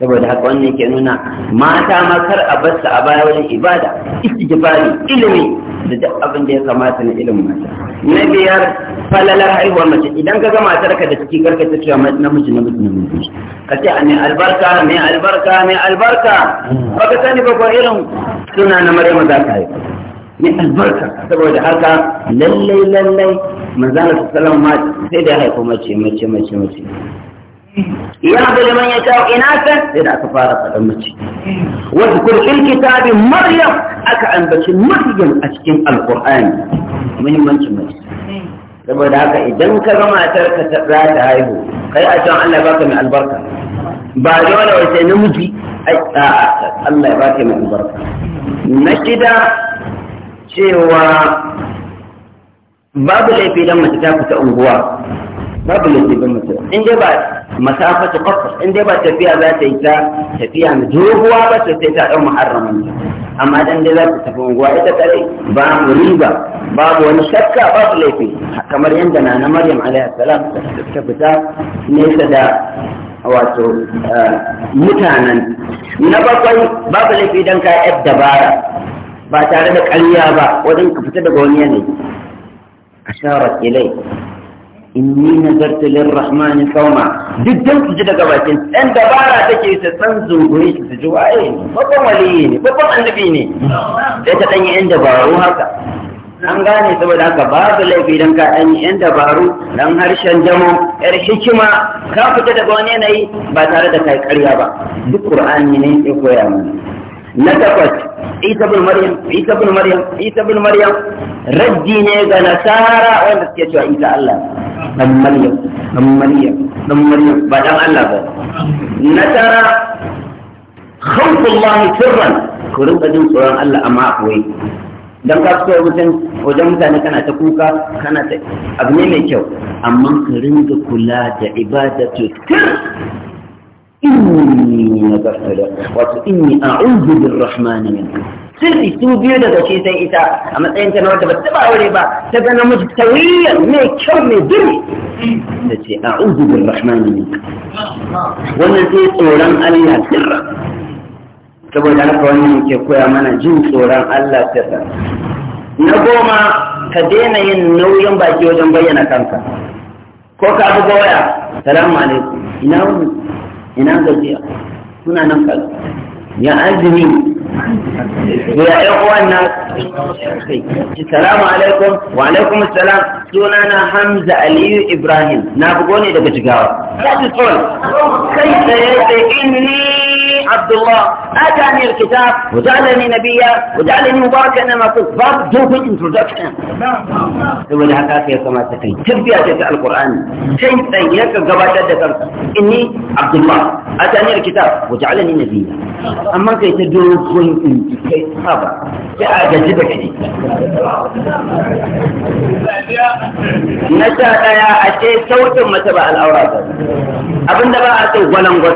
saboda haka wannan ke nuna mata ma kar a bar su a baya wajen ibada istighfari ilimi da duk abin da ya kamata na ilimin mata na biyar falalar haihuwar mace idan ka ga matar ka da ciki karka ta cewa namiji na namiji ka ce a mai albarka mai albarka mai albarka ba ka sani ba ko irin suna na maryama za ka haifa mai albarka saboda haka lallai lallai manzana sallallahu alaihi wasallam ma sai da haifa mace mace mace mace yarda da man ina inasa sai da aka fara faɗan mace wasu kurkin kitabin maryam aka ambaci maryam a cikin alqur'ani muhimmancin mace saboda haka idan ka ga matar ka ta za ta haihu kai a cikin Allah baka mai albarka ba dole wace namiji ai a Allah ya baka mai albarka na shida cewa babu laifi dan mace ta fita unguwa babu laifin mutum in dai ba masafa ta kafas in dai ba tafiya za ta yi ta tafiya na doguwa ba ta sai ta ɗan muharramin amma dan dai za ta tafi unguwa ita kare mu riba babu wani shakka babu laifi kamar yadda na na maryam alaihi salam ta fita nesa da wato eh, mutanen na bakwai babu laifi dan ka yi dabara ba tare da ƙarya ba wajen ka fita daga wani yanayi أشارت إليه inni nazarta lirrahmani sauma duk su ji daga bakin dan dabara take ta san zungure shi su ji waye babban ne babban annabi ne sai ta dan dabaru haka an gane saboda haka babu laifi dan ka dan yi yan dabaru dan harshen jamo yar hikima ka fita daga wani yanayi ba tare da kai karya ba duk qur'ani ne ya koya mana na takwas isa bin maryam isa bin maryam isa bin maryam raddi ne ga nasara wanda suke cewa isa allah dan maryam dan maryam dan maryam ba dan allah ba nasara khawfullahi sirran ku rinka jin tsoron allah amma a akwai dan ka fito wajen wajen mutane kana ta kuka kana ta abu ne mai kyau amma ka rinka kula da ibadatu sir inni na gafara wato inni a ulbubin rahmani min sirri su biyu daga shi sai ita a matsayin ta na wata bata ba aure ba ta gana namiji tawiyya mai kyau mai duri da ce a ulbubin rahmani wannan sai tsoron allah sirra saboda haka wannan ke koya mana jin tsoron allah sirra na goma ka daina yin nauyin baki wajen bayyana kanka ko ka bugo waya salamu alaikum ina wani ina gajiya suna nan kaza ya azumi ya yi wannan salamu alaikum wa alaikum salam suna na hamza aliyu ibrahim na bugo ne daga jigawa that is all kai tsaye da inni عبد الله آتاني الكتاب وجعلني نبيا وجعلني مباركا انما كنت باب دوبل انترودكشن يقول هكا في كما تكي تبدي تسع القرآن شيء ثاني قبل ذكرت إني عبد الله آتاني الكتاب وجعلني نبيا أما كي تدوبل انترودكشن هذا سأجذبك لي na يا ɗaya a ce sautin mace ba al'aura ba abinda ba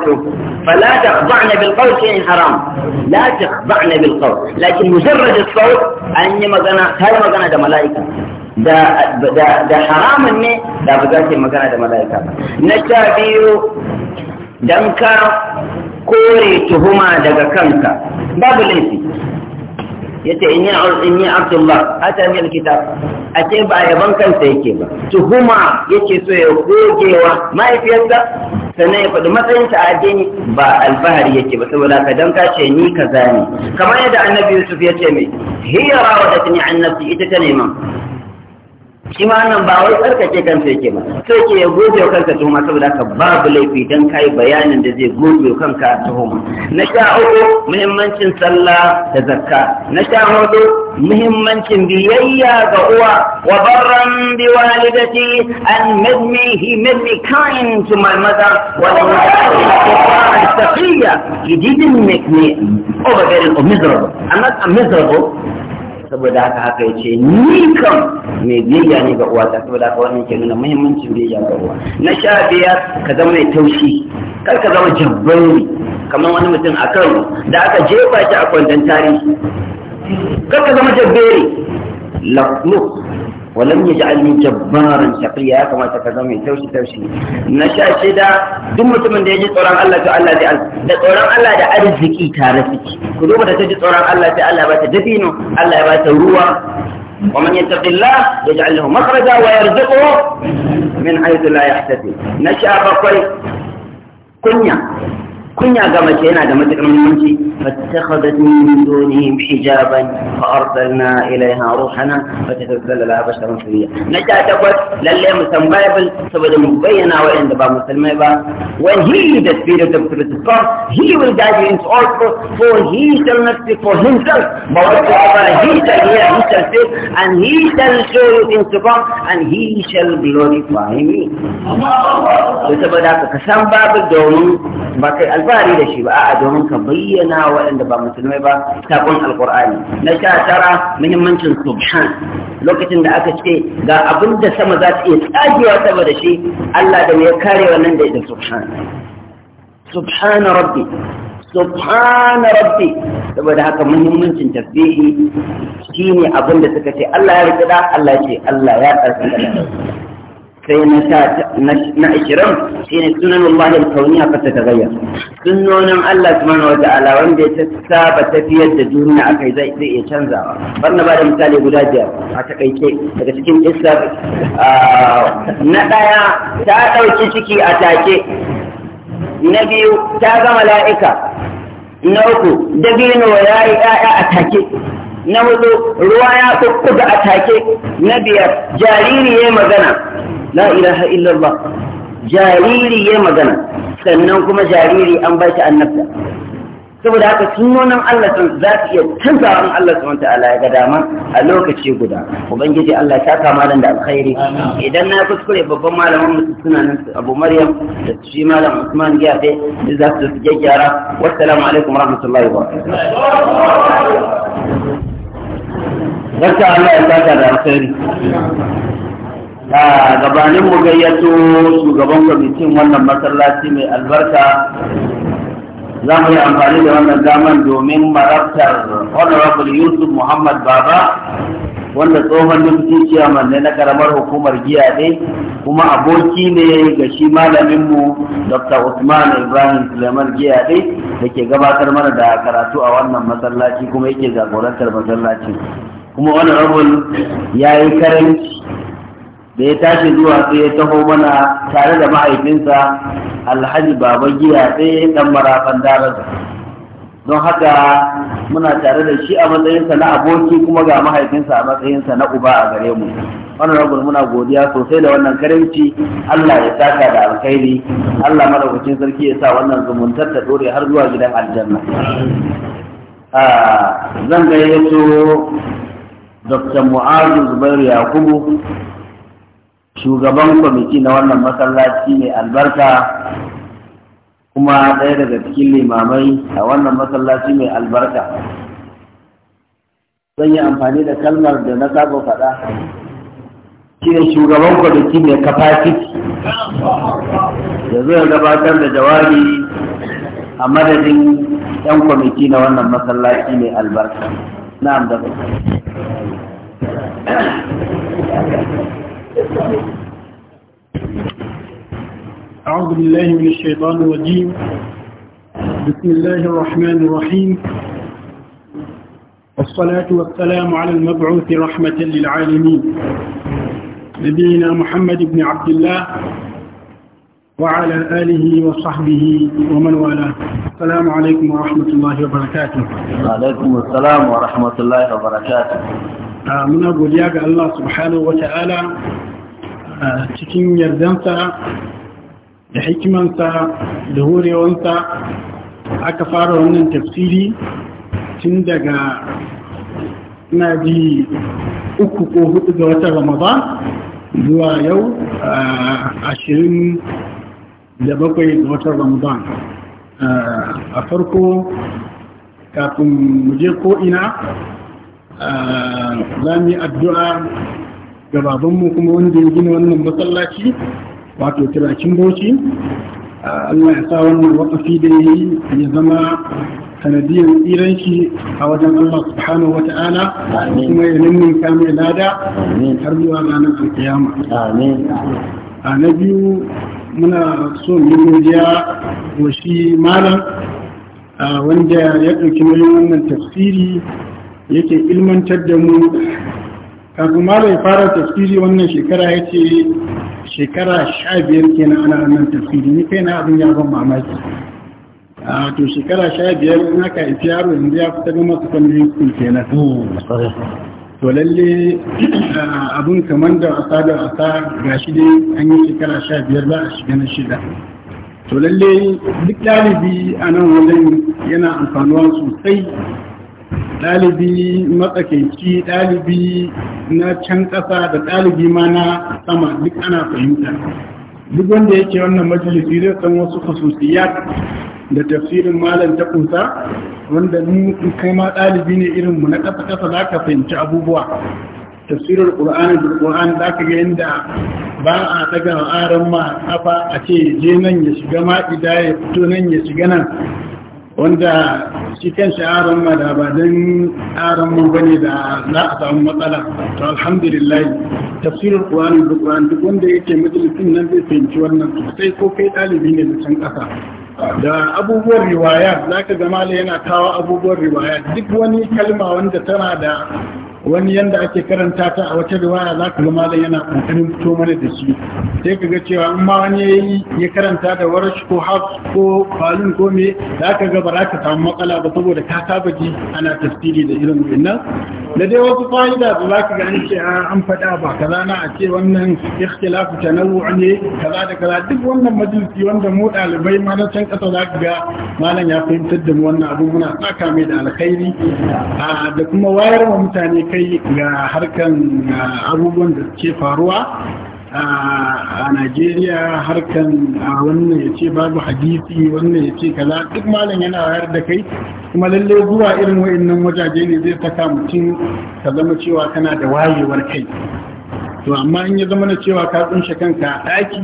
a فلا تخضعن بالقول شيء حرام لا تخضعن بالقول لكن مجرد الصوت اني ما انا هل ما انا ملائكه ده حرام اني لا بقى ما انا ملائكه نتابيو دمكا كوري تهما دغا كنكا باب ليسي yace in ya in ya Abdullah ata min kitab ace ba yaban kansa yake ba tuhuma yake so ya gogewa mahaifiyarsa sannan ya faɗi matsayin ta addini ba alfahari yake ba saboda ka dan ka ce ni kaza ne kamar yadda annabi Yusuf ya ce mai hiya rawadatni an nafsi ita ta neman shi ma nan ba wai tsarkake kansa yake ba so ke ya goge kanka tuhuma saboda haka babu laifi dan kayi bayanin da zai goge kanka tuhuma na sha uku muhimmancin sallah da zakka na sha hudu muhimmancin biyayya ga uwa wa barran bi walidati an made me he made me kind to my mother wa he didn't make me overbearing or miserable I'm not miserable saboda haka haka ya ce ni kam mai biyayya ne ga uwata saboda haka wannan ke nuna muhimmancin biyayya ga uwa na sha biyar ka zama mai taushi kar ka zama jabbari kamar wani mutum a kan da aka jefa shi a kwandon tarihi kar ka zama jabbari lafnuk ولم يجعلني جبارا شقيا كما تكلم من توشي توشي نشا شدا دم متمن دي تورن الله تعالى دي الله تورن الله دي ارزقي تارفي كل ما تجي تورن الله تعالى با تدينو الله با تروا ومن يتق الله يجعل له مخرجا ويرزقه من حيث لا يحتسب نشا بقي كنيا kunya ga mace yana da matuƙar muhimmanci fattakhadat min dunihim hijaban fa arsalna ilaiha ruhana fa tatazzala la basharan sawiyya na ta tabbat lalle mu san bible saboda mu bayyana wa'anda ba musulmai ba when he is the spirit of truth comes he will guide you into all truth for he shall not speak for himself but whatsoever he shall hear he shall say and he shall show you things to come and he shall glorify me to saboda ka san babu domin ba kai alfahari da shi ba a'a domin ka bayyana waɗanda ba musulmai ba sakon alkur'ani na sha tara muhimmancin subhan lokacin da aka ce ga abin da sama za ta iya tsagewa saboda shi Allah da ya kare wannan da ita subhan subhan rabbi subhan rabbi saboda haka muhimmancin tasbihi shine abin da suka ce Allah ya rikida Allah ya ce Allah ya tsarkaka sai na sha na ashirin shine sunan Allah al-kauniya fa ta tagayyar sunnonin Allah su subhanahu wa ta'ala wanda ta saba tafiyar da duniya akai zai zai iya canzawa Bar na bada misali guda biyar a takaice daga cikin kissa na ɗaya ta ɗauki ciki a take na biyu ta ga mala'ika na uku dabino ya yi 'ya'ya a take na hudu ruwa ya kukkuga a take na biyar jariri ya magana la ilaha illallah jariri ya magana sannan kuma jariri an ba shi annabta saboda haka sunonin Allah sun za su iya canzawa Allah subhanahu ta'ala ya ga dama a lokaci guda ubangiji Allah ya saka malam da alkhairi idan na kuskure babban malamin mu suna nan Abu Maryam da shi malam Usman Giyafe da za su gyara wassalamu alaikum warahmatullahi wabarakatuh yasa Allah ya saka da alkhairi. Ah, gabanin mu gayyato shugaban kwamitin wannan masallaci mai albarka za mu yi amfani da wannan daman domin marabtar honorable yusuf muhammad baba wanda tsohon deputy chairman ne na karamar hukumar giya ne kuma aboki ne ga shi malaminmu dr usman ibrahim suleiman giya ne da ke gabatar mana da karatu a wannan masallaci kuma yake jagorantar masallaci kuma honorable ya yi karanci da ya tashi zuwa sai ya taho mana tare da mahaifinsa alhaji baba giya sai dan marafan darasa don haka muna tare da shi a matsayinsa na aboki kuma ga mahaifinsa a matsayinsa na uba a gare mu wannan rabin muna godiya sosai da wannan karimci Allah ya saka da alkhairi Allah madaukakin sarki ya sa wannan zumuntar ta dore har zuwa gidan aljanna ah, zan gayyato Dr. Mu'azu Zubairu Yakubu shugaban kwamiti na wannan masallaci mai albarka kuma ɗaya daga cikin limamai a wannan masallaci mai albarka zan yi amfani da kalmar da na sabo faɗa shi shugaban kwamiti mai kafafiki da zai gabatar da jawabi a madadin 'yan kwamiti na wannan masallaci mai albarka na amdaba أعوذ بالله من الشيطان الرجيم بسم الله الرحمن الرحيم والصلاة والسلام على المبعوث رحمة للعالمين نبينا محمد بن عبد الله وعلى آله وصحبه ومن والاه السلام عليكم ورحمة الله وبركاته وعليكم السلام ورحمة الله وبركاته muna godiya ga Allah subhanahu wa ta'ala cikin yardansa da hikimansa da horewansa aka fara wannan tafsiri tun daga na ji uku ko hudu ga watan ramadan zuwa yau ashirin da bakwai ga watan ramadan a farko kafin muje ko'ina za mu yi addu'a ga babanmu kuma wanda ya gina wannan masallaci wato turakin bauchi Allah ya sa wannan wakafi da ya yi ya zama sanadiyar tsiran shi a wajen Allah subhanahu wa ta'ala kuma ya nannin kame lada har zuwa ranar alkiyama. A na biyu muna so mu godiya wa shi malam wanda ya ɗauki nauyin wannan tafsiri yake ilmantar da mu kafin ma fara tafsiri wannan shekara ya ce shekara sha biyar kenan ana wannan tafsiri ni kai na abin ya ban mamaki a to shekara sha biyar na ka ifi yaro yanzu ya fita da masu kwallon ke na. to lalle abin kamar da wasa da wasa ga shi dai an yi shekara sha biyar za a shiga na shida to lalle duk ɗalibi a nan wajen yana amfanuwa sosai ɗalibi matsakaici ɗalibi na can ƙasa da ɗalibi ma na sama duk ana fahimta duk wanda yake wannan majalisi zai san wasu khususiyat da tafsirin malam ta kusa wanda in kai ma ɗalibi ne irin mu na ƙasa ƙasa za ka fahimci abubuwa tafsirar ƙur'ani da ƙur'ani za ka ga yadda ba a ɗaga aran ma kafa a ce je nan ya shiga ma'ida ya fito nan ya shiga nan wanda cikin shaharar sha'aran ma da ba don da za a samu matsala to alhamdulillah tafsirin qur'ani da duk wanda yake majalisun nan zai fahimci wannan sai ko kai dalibi ne da can kasa da abubuwan riwaya za ga zama yana kawo abubuwan riwaya duk wani kalma wanda tana da wani yanda ake karanta ta a wata riwaya za ka malam yana ƙoƙarin fito mana da shi sai ka ga cewa in ma wani ya ya karanta da warash ko haf ko falun ko me za ka ga ba za ka samu matsala ba saboda ka saba ji ana tafsiri da irin wannan da dai wasu fa'ida da za ka gani ce ah, an faɗa ba kaza na a ce wannan ikhtilafu tanawwu ne kaza da kaza duk wannan majalisi wanda mu ɗalibai ma na can ƙasa za ka ga malam ya fahimtar da mu wannan abu muna tsaka mai da alkhairi ah, da kuma wayar wa mutane kai ga harkan abubuwan da ke faruwa a Najeriya harkan wannan ya ce babu hadisi wannan ya ce kaza duk malam yana wayar da kai kuma lalle zuwa irin wa'annan wajaje ne zai saka mutum ka zama cewa kana da wayewar kai to amma in ya zama na cewa ka kunshe kanka a ɗaki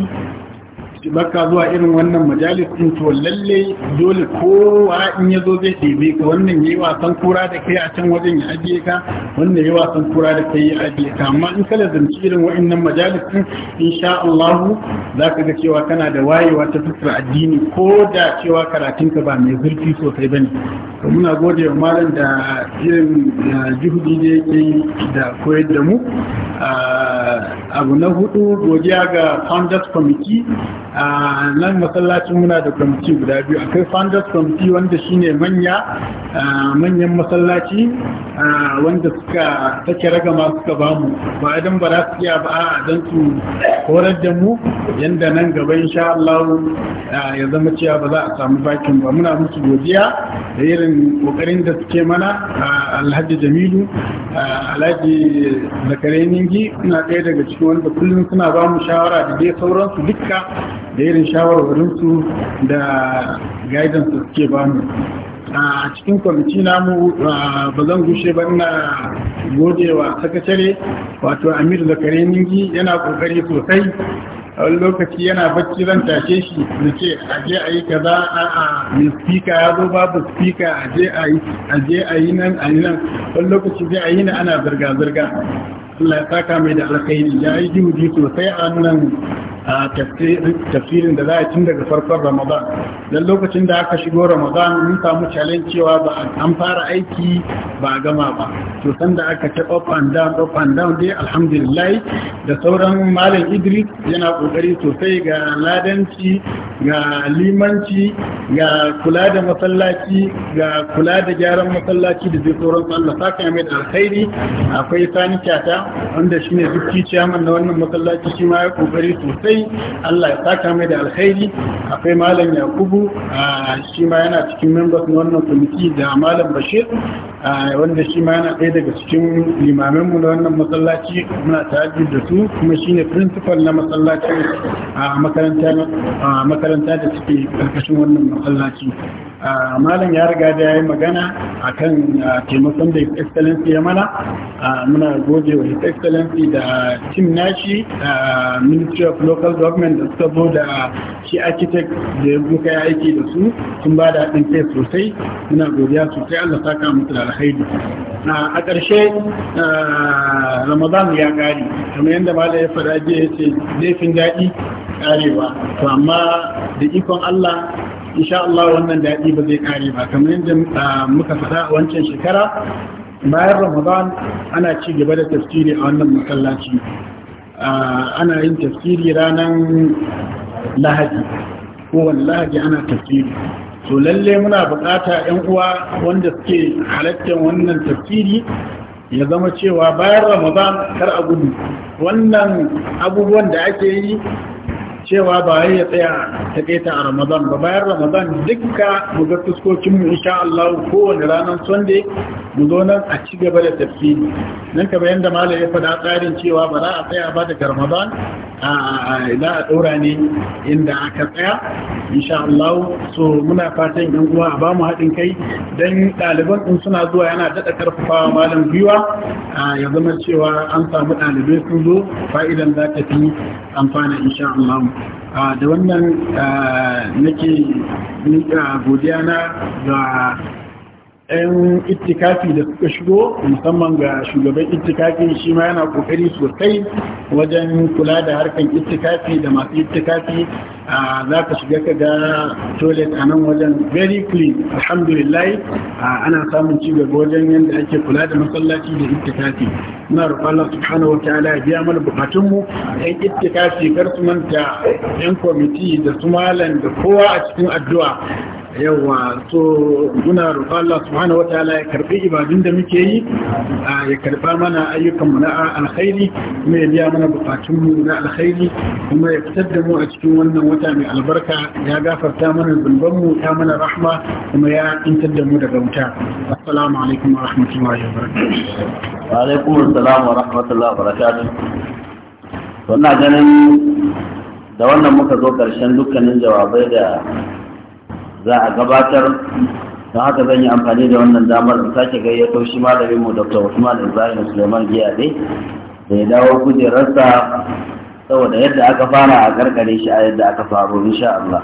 baka zuwa irin wannan majalis din to lalle dole kowa in ya zo zai ɗebe ka wannan yayi wasan kura da kai a can wajen ya ajiye ka wannan yayi wasan kura da kai ya ajiye ka amma in kala zanci irin wa'annan majalis din insha Allah za ka ga cewa kana da wayewa ta fuskar addini ko da cewa karatun ka ba mai zurfi sosai bane to muna gode wa malam da irin eh, juhudi da yake yi da koyar da mu ah, abu na hudu godiya ga founders committee a nan masallacin muna da kwamiti guda biyu akwai founders kwamiti wanda shine manya manyan masallaci wanda suka take ragama suka ba mu ba idan ba za su iya ba a don su horar da mu yanda nan gaba insha Allah ya zama cewa ba za a samu bakin ba muna musu godiya da irin kokarin da suke mana Alhaji Jamilu Alhaji Zakare Ningi suna ɗaya daga cikin wanda kullum suna ba mu shawara da dai sauransu dukka da irin shawarwarinsu da guidance da suke ba mu a cikin kwamiti namu ba zan gushe ba ina gode wa sakatare wato amir zakare ningi yana kokari sosai a wani lokaci yana bacci zan tashe shi na ce aje a yi kaza a a mai spika ya zo babu spika aje a yi a yi nan a yi nan wani lokaci zai a yi na ana zirga-zirga Allah ya saka mai da alkhairi ya yi jihuji sosai a nan. A tafsirin da za a cin daga farkon ramadan don lokacin da aka shigo ramadan mun samu challenge cewa ba an fara aiki ba a gama ba to da aka ce up and down up and down dai alhamdulillah da sauran malam idris yana kokari sosai ga ladanci ga limanci ga kula da masallaci ga kula da gyaran masallaci da zai sauran Allah saka mai da alkhairi akwai sani kyata wanda shine duk ciyaman na wannan masallaci shi ma ya kokari sosai sosai Allah ya saka mai da alkhairi akwai malam Yakubu shi ma yana cikin members na wannan kwamiti da malam Bashir wanda shi ma yana ɗaya daga cikin limaminmu na wannan masallaci muna tare da su kuma shi ne principal na masallacin a makaranta da suke karkashin wannan masallaci malam ya riga da ya yi magana a kan taimakon da excellency ya mana muna gode wa his excellency da tim nashi ministry of local local government da suka zo da shi architect da ya muka ya aiki da su sun ba da haɗin kai sosai muna godiya sosai Allah ta kama mutu da alhaidu a ƙarshe ramadan ya ƙare kamar yadda malam ya faɗa jiya ya ce laifin daɗi ƙarewa to amma da ikon Allah insha Allah wannan daɗi ba zai ƙare ba kamar yadda muka faɗa a wancan shekara bayan ramadan ana ci gaba da tafsiri a wannan masallaci ana yin tafsiri ranar lahadi kowane lahadi ana tafsiri to lalle muna bukata yan uwa wanda suke halattar wannan tafsiri ya zama cewa bayan ramadan kar a gudu wannan abubuwan da ake yi cewa ba ya tsaya ta a ramadan ba bayan ramadan dukka mu ga fuskokinmu insha Allah kowane ranar sunday mu zo nan a ci gaba da tafsiri nan ka bayan da malam ya fada tsarin cewa ba za a tsaya ba daga ramadan a za a ɗora ne inda aka tsaya insha Allah so muna fatan yan uwa a bamu haɗin kai dan ɗaliban in suna zuwa yana daɗa karfafawa malam biwa ya zama cewa an samu ɗalibai sun zo fa'idan za ta fi amfana insha Allah da wannan nake nika godiya na ga 'yan itikafi da suka shigo musamman ga shugaban itikafi shi ma yana kokari sosai wajen kula da harkar itikafi da masu itikafi za ka shiga ka ga toilet a nan wajen very clean alhamdulillah ana samun ci gaba wajen yadda ake kula da masallaci da itikafi muna roƙon Allah subhanahu wa ta'ala ya biya mana bukatunmu. mu yan itikafi kar su manta yan kwamiti da su malam da kowa a cikin addu'a Yawwa to muna roƙon Allah subhanahu wataala ya karbi ibadun da muke yi ya karba mana ayyukan mu na alkhairi kuma ya biya mana bukatun mu na alkhairi kuma ya fitar da mu a cikin wannan wata mai albarka ya gafarta mana zunuban mu ta mana rahma kuma ya intar da mu daga wuta assalamu alaikum wa rahmatullahi wa barakatuh wa alaikum assalam wa rahmatullahi wa barakatuh wannan ganin da wannan muka zo ƙarshen dukkanin jawabai da za a gabatar don haka zan yi amfani da wannan damar in sake gayyato shi malamin mu dr usman ibrahim suleiman giyade da ya dawo kujerarsa saboda yadda aka fara a karkare shi a yadda aka faru insha Allah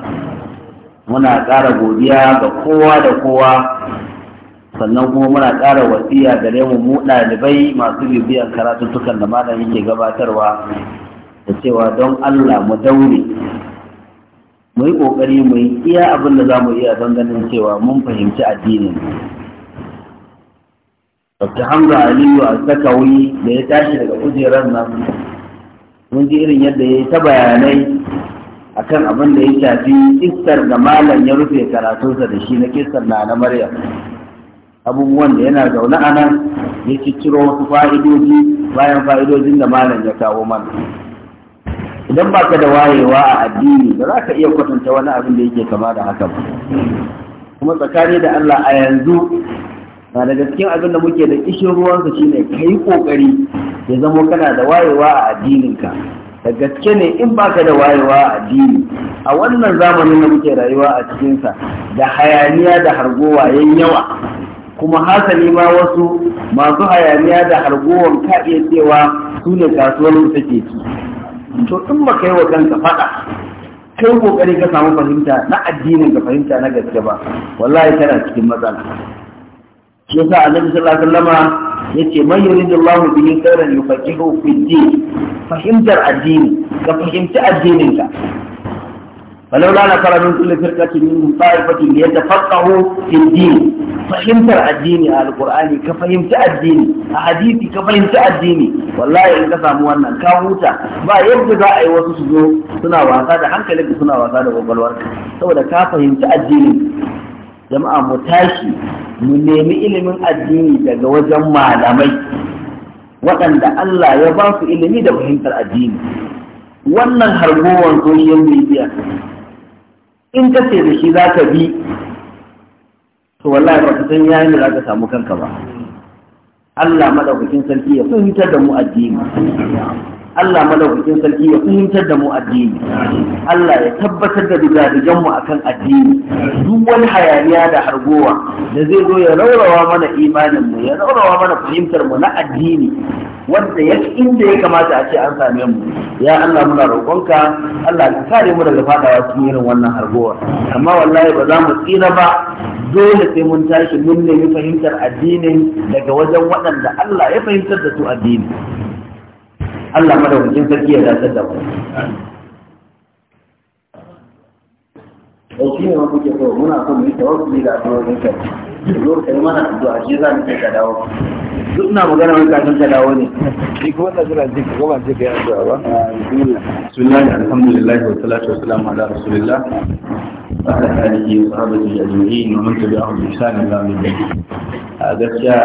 muna ƙara godiya ga kowa da kowa sannan kuma muna ƙara wasiya ga mu mu ɗalibai masu bibiyar karatuttukan da malam yake gabatarwa da cewa don Allah mu daure mu yi ƙoƙari mu yi iya abin da za mu iya don ganin cewa mun fahimci addinin Dr. Hamza Aliyu a wuri da ya tashi daga kujerar nan mun ji irin yadda ya yi ta bayanai akan abin da ya shafi kistar da malam ya rufe karatunsa da shi na kistar na na Maryam abubuwan da yana zaune a nan ya cicciro wasu fa'idoji bayan fa'idojin da malam ya kawo mana idan ba ka da wayewa a addini ba za ka iya kwatanta wani abin da yake kama da haka ba kuma tsakani da Allah a yanzu na daga cikin abin da muke da kishin ruwansa ne ka yi kokari ya zama kana da wayewa a addininka da gaske ne in baka da wayewa a addini a wannan zamanin da muke rayuwa a cikinsa da hayaniya da hargowa yan yawa kuma hasali ma wasu masu hayaniya da hargowar ka iya cewa su ne kasuwar take ci to in ba ka yi wa kanka faɗa kai kokari ka samu fahimta na addinin ka fahimta na gaske ba wallahi kana cikin matsala shi yasa annabi sallallahu alaihi wasallam yace man yuridullahu bihi khairan yufaqihu fi din fahimtar addini ka fahimci addinin ka ولولا نفر من كل فرقة منهم طائفة ليتفقهوا في الدين فهمت الدين على القرآن كفهمت الدين حديثي كفهمت الدين والله إن كسام وانا كاوتا با يبدا أي وسوسو سنا واسادة حنك لك سنا واسادة وقلورك سودا كفهمت الدين جماعة متاشي mu nemi ilimin addini daga wajen malamai waɗanda Allah ya ba su ilimi da fahimtar addini wannan hargowar soshiyar media in ka ce da shi za ka bi to wallahi ba ka san yayin da za ka samu kanka ba Allah madaukakin sarki ya fahimtar da mu addini Allah madaukakin sarki ya fahimtar da mu addini Allah ya tabbatar da digadigan mu akan addini duk wani hayaniya da hargowa da zai zo ya raurawa mana imanin mu ya raurawa mana fahimtar mu na addini wanda ya inda ya kamata a ce an same mu ya Allah muna roƙonka Allah ka kare mu daga fadawa cikin irin wannan hargowa amma wallahi ba za mu tsira ba dole sai mun tashi mun nemi fahimtar addinin daga wajen waɗanda Allah ya fahimtar da su addini Allah madaukakin sarki ya dace da mu da shi ne wanda kuke so muna so mu yi tawakkali da addu'o'in ka zo kai mana addu'a shi za mu ka dawo duk na magana wani kafin ka dawo ne shi kuma ta jira ji ka gaba ji ka yi addu'a ba bismillah alhamdulillah wa salatu wa salam ala rasulillah wa ala alihi wa sahbihi ajma'in wa man tabi'ahum bi ihsan ba mu yi. a gaskiya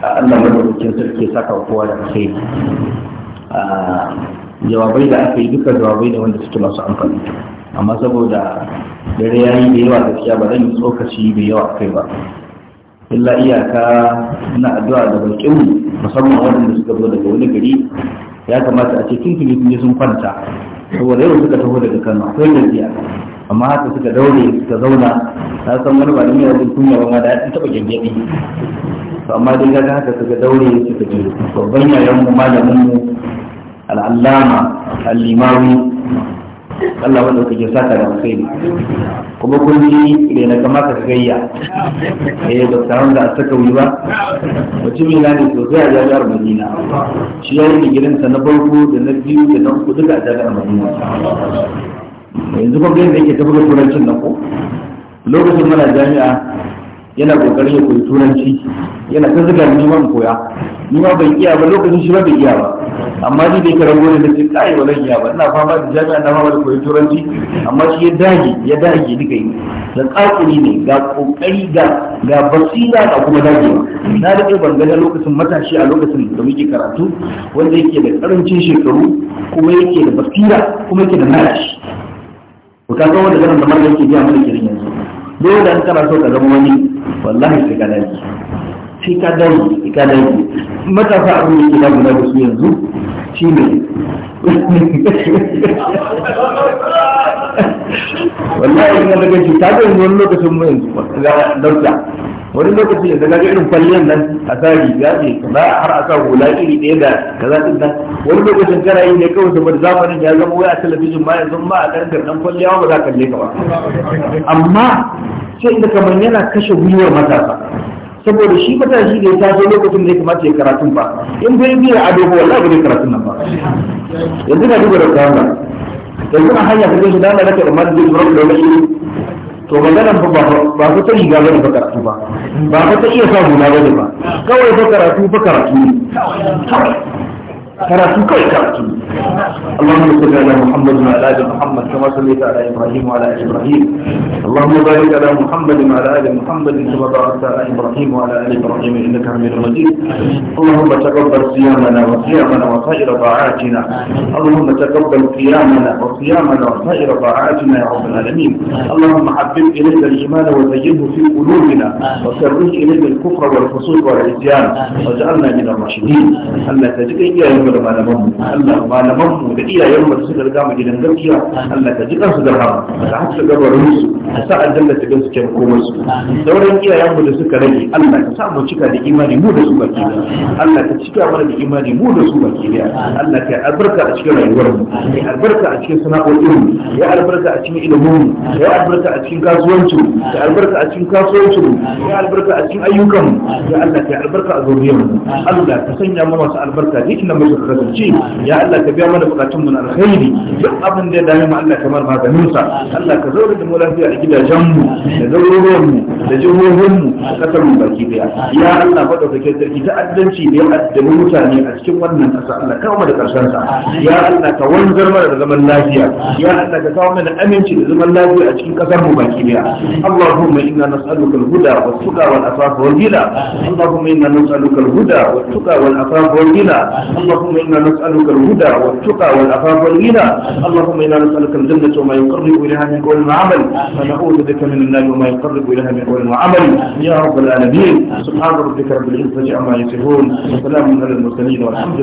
Allah madaukakin sarki ya saka kowa da kai jawabai da aka yi duka jawabai da wanda suke masu amfani amma saboda dare ya yi da yawa gaskiya ba zan yi tsokaci da yawa kai ba illa iyaka na addu'a da bakin musamman waɗanda suka zo daga wani gari ya kamata a ce tun tuni sun kwanta saboda yau suka taho daga kano akwai lafiya amma haka suka daure suka zauna na san wani ba da yanzu kunya ba ma da an taba gyangyaɗi to amma dai ga haka suka daure suka ji babban yayan mu malamin mu al'allama al'imawi Allah wanda kuke saka da alkhairi kuma kun ji da na kamata ka gayya eh ba ta da a saka wuyi ba mutum yana ne sosai a jar Madina shi yayin digirin sa na farko da na biyu da na uku duka a jami'ar Madina yanzu kuma da yake tafi da turancin nan ko lokacin mana jami'a yana kokarin ya koyi turanci yana ta zuga ni man koya ni ma bai iya ba lokacin shi ba bai iya ba amma ni da yake rago da ce kai ba zan iya ba ina fama da jami'a na fama da koyi turanci amma shi ya dage ya dage duka yi da kakuri ne ga kokari ga ga basira ga kuma dagewa na da ban ga lokacin matashi a lokacin da muke karatu wanda yake da karancin shekaru kuma yake da basira kuma yake da nashi ku ka ga wanda ganin da mallan yake biya mana kirin yanzu dole da kana so ka zama wani wallahi sai ka dace sai ka sai ka dace matasa abin da yake da guda da su yanzu shine wallahi ina daga shi ta ga wani lokacin mu yanzu ga dauka wani lokaci yanzu ga irin kwalliyar nan a sa riga ce kaza har a sa hula iri ɗaya da za din nan wani lokacin kana yi ne kawai saboda zamanin ya zama waya a talabijin ma yanzu ma a karkar dan kwalliya ba za ka kalle ka ba amma sai inda kamar yana kashe gwiwar matasa saboda shi matashi da ya taso lokacin da ya kamata ya karatun ba in bai biya ado ba wallahi ba zai karatun nan ba yanzu na duba da kawai yanzu a hanya ka zai shi dama da ka da zai zuwa da wani to maganan ba ba ku ta riga bane ba karatu ba ba ku ta iya sa guna bane ba kawai ba karatu ba karatu karatu kawai karatu اللهم صل على محمد وعلى ال محمد كما صليت على ابراهيم وعلى ال ابراهيم اللهم بارك على محمد وعلى ال محمد كما باركت على ابراهيم وعلى ال ابراهيم انك حميد مجيد اللهم تقبل صيامنا وصيامنا وسائر طاعاتنا اللهم تقبل قيامنا وصيامنا وسائر طاعاتنا يا رب العالمين اللهم حبب اليك الايمان وزينه في قلوبنا وكره اليك الكفر والفسوق والعصيان واجعلنا من الراشدين ان تجد اياهم mu da malaman mu Allah malaman mu da iyayen mu suka riga mu gidan gaskiya Allah ka ji su da rahama ka haska gabarin su ka sa aljanna ta gansu kyan komai su sauran iyayen mu da suka rage Allah ka sa mu cika da imani mu da su baki da Allah ka cika mana da imani mu da su baki da Allah ka albarka a cikin rayuwar mu ya albarka a cikin sana'o'in mu ya albarka a cikin ilimin mu ya albarka a cikin kasuwancin mu ya albarka a cikin kasuwancin mu ya albarka a cikin ayyukan mu ya Allah ka albarka a zuriyar mu Allah ka sanya mu masu albarka dukkan mu mu kasance ya Allah ka biya mana bukatun mu na alkhairi duk abin da ya dame mu Allah kamar maganin sa Allah ka zaure da mu lafiya a gidajen mu da garuruwan mu da jihohin mu da kasar mu baki daya ya Allah madaukakin sarki ta addanci da ya addabi mutane a cikin wannan kasa Allah ka mu da karshen sa ya Allah ka wanzar mana da zaman lafiya ya Allah ka kawo mana aminci da zaman lafiya a cikin kasar mu baki daya Allahumma inna nas'aluka al-huda was-suqa wal-afafa wal-ghina Allahumma inna nas'aluka al-huda was-suqa wal-afafa wal-ghina Allahumma اللهم إنا نسألك الهدى والتقى والعفاف والغنى اللهم إنا نسألك الجنة وما يقرب إليها من قول وعمل ونعوذ بك من النار وما يقرب إليها من قول وعمل يا رب العالمين سبحان ربك رب العزة عما يصفون وسلام على المرسلين والحمد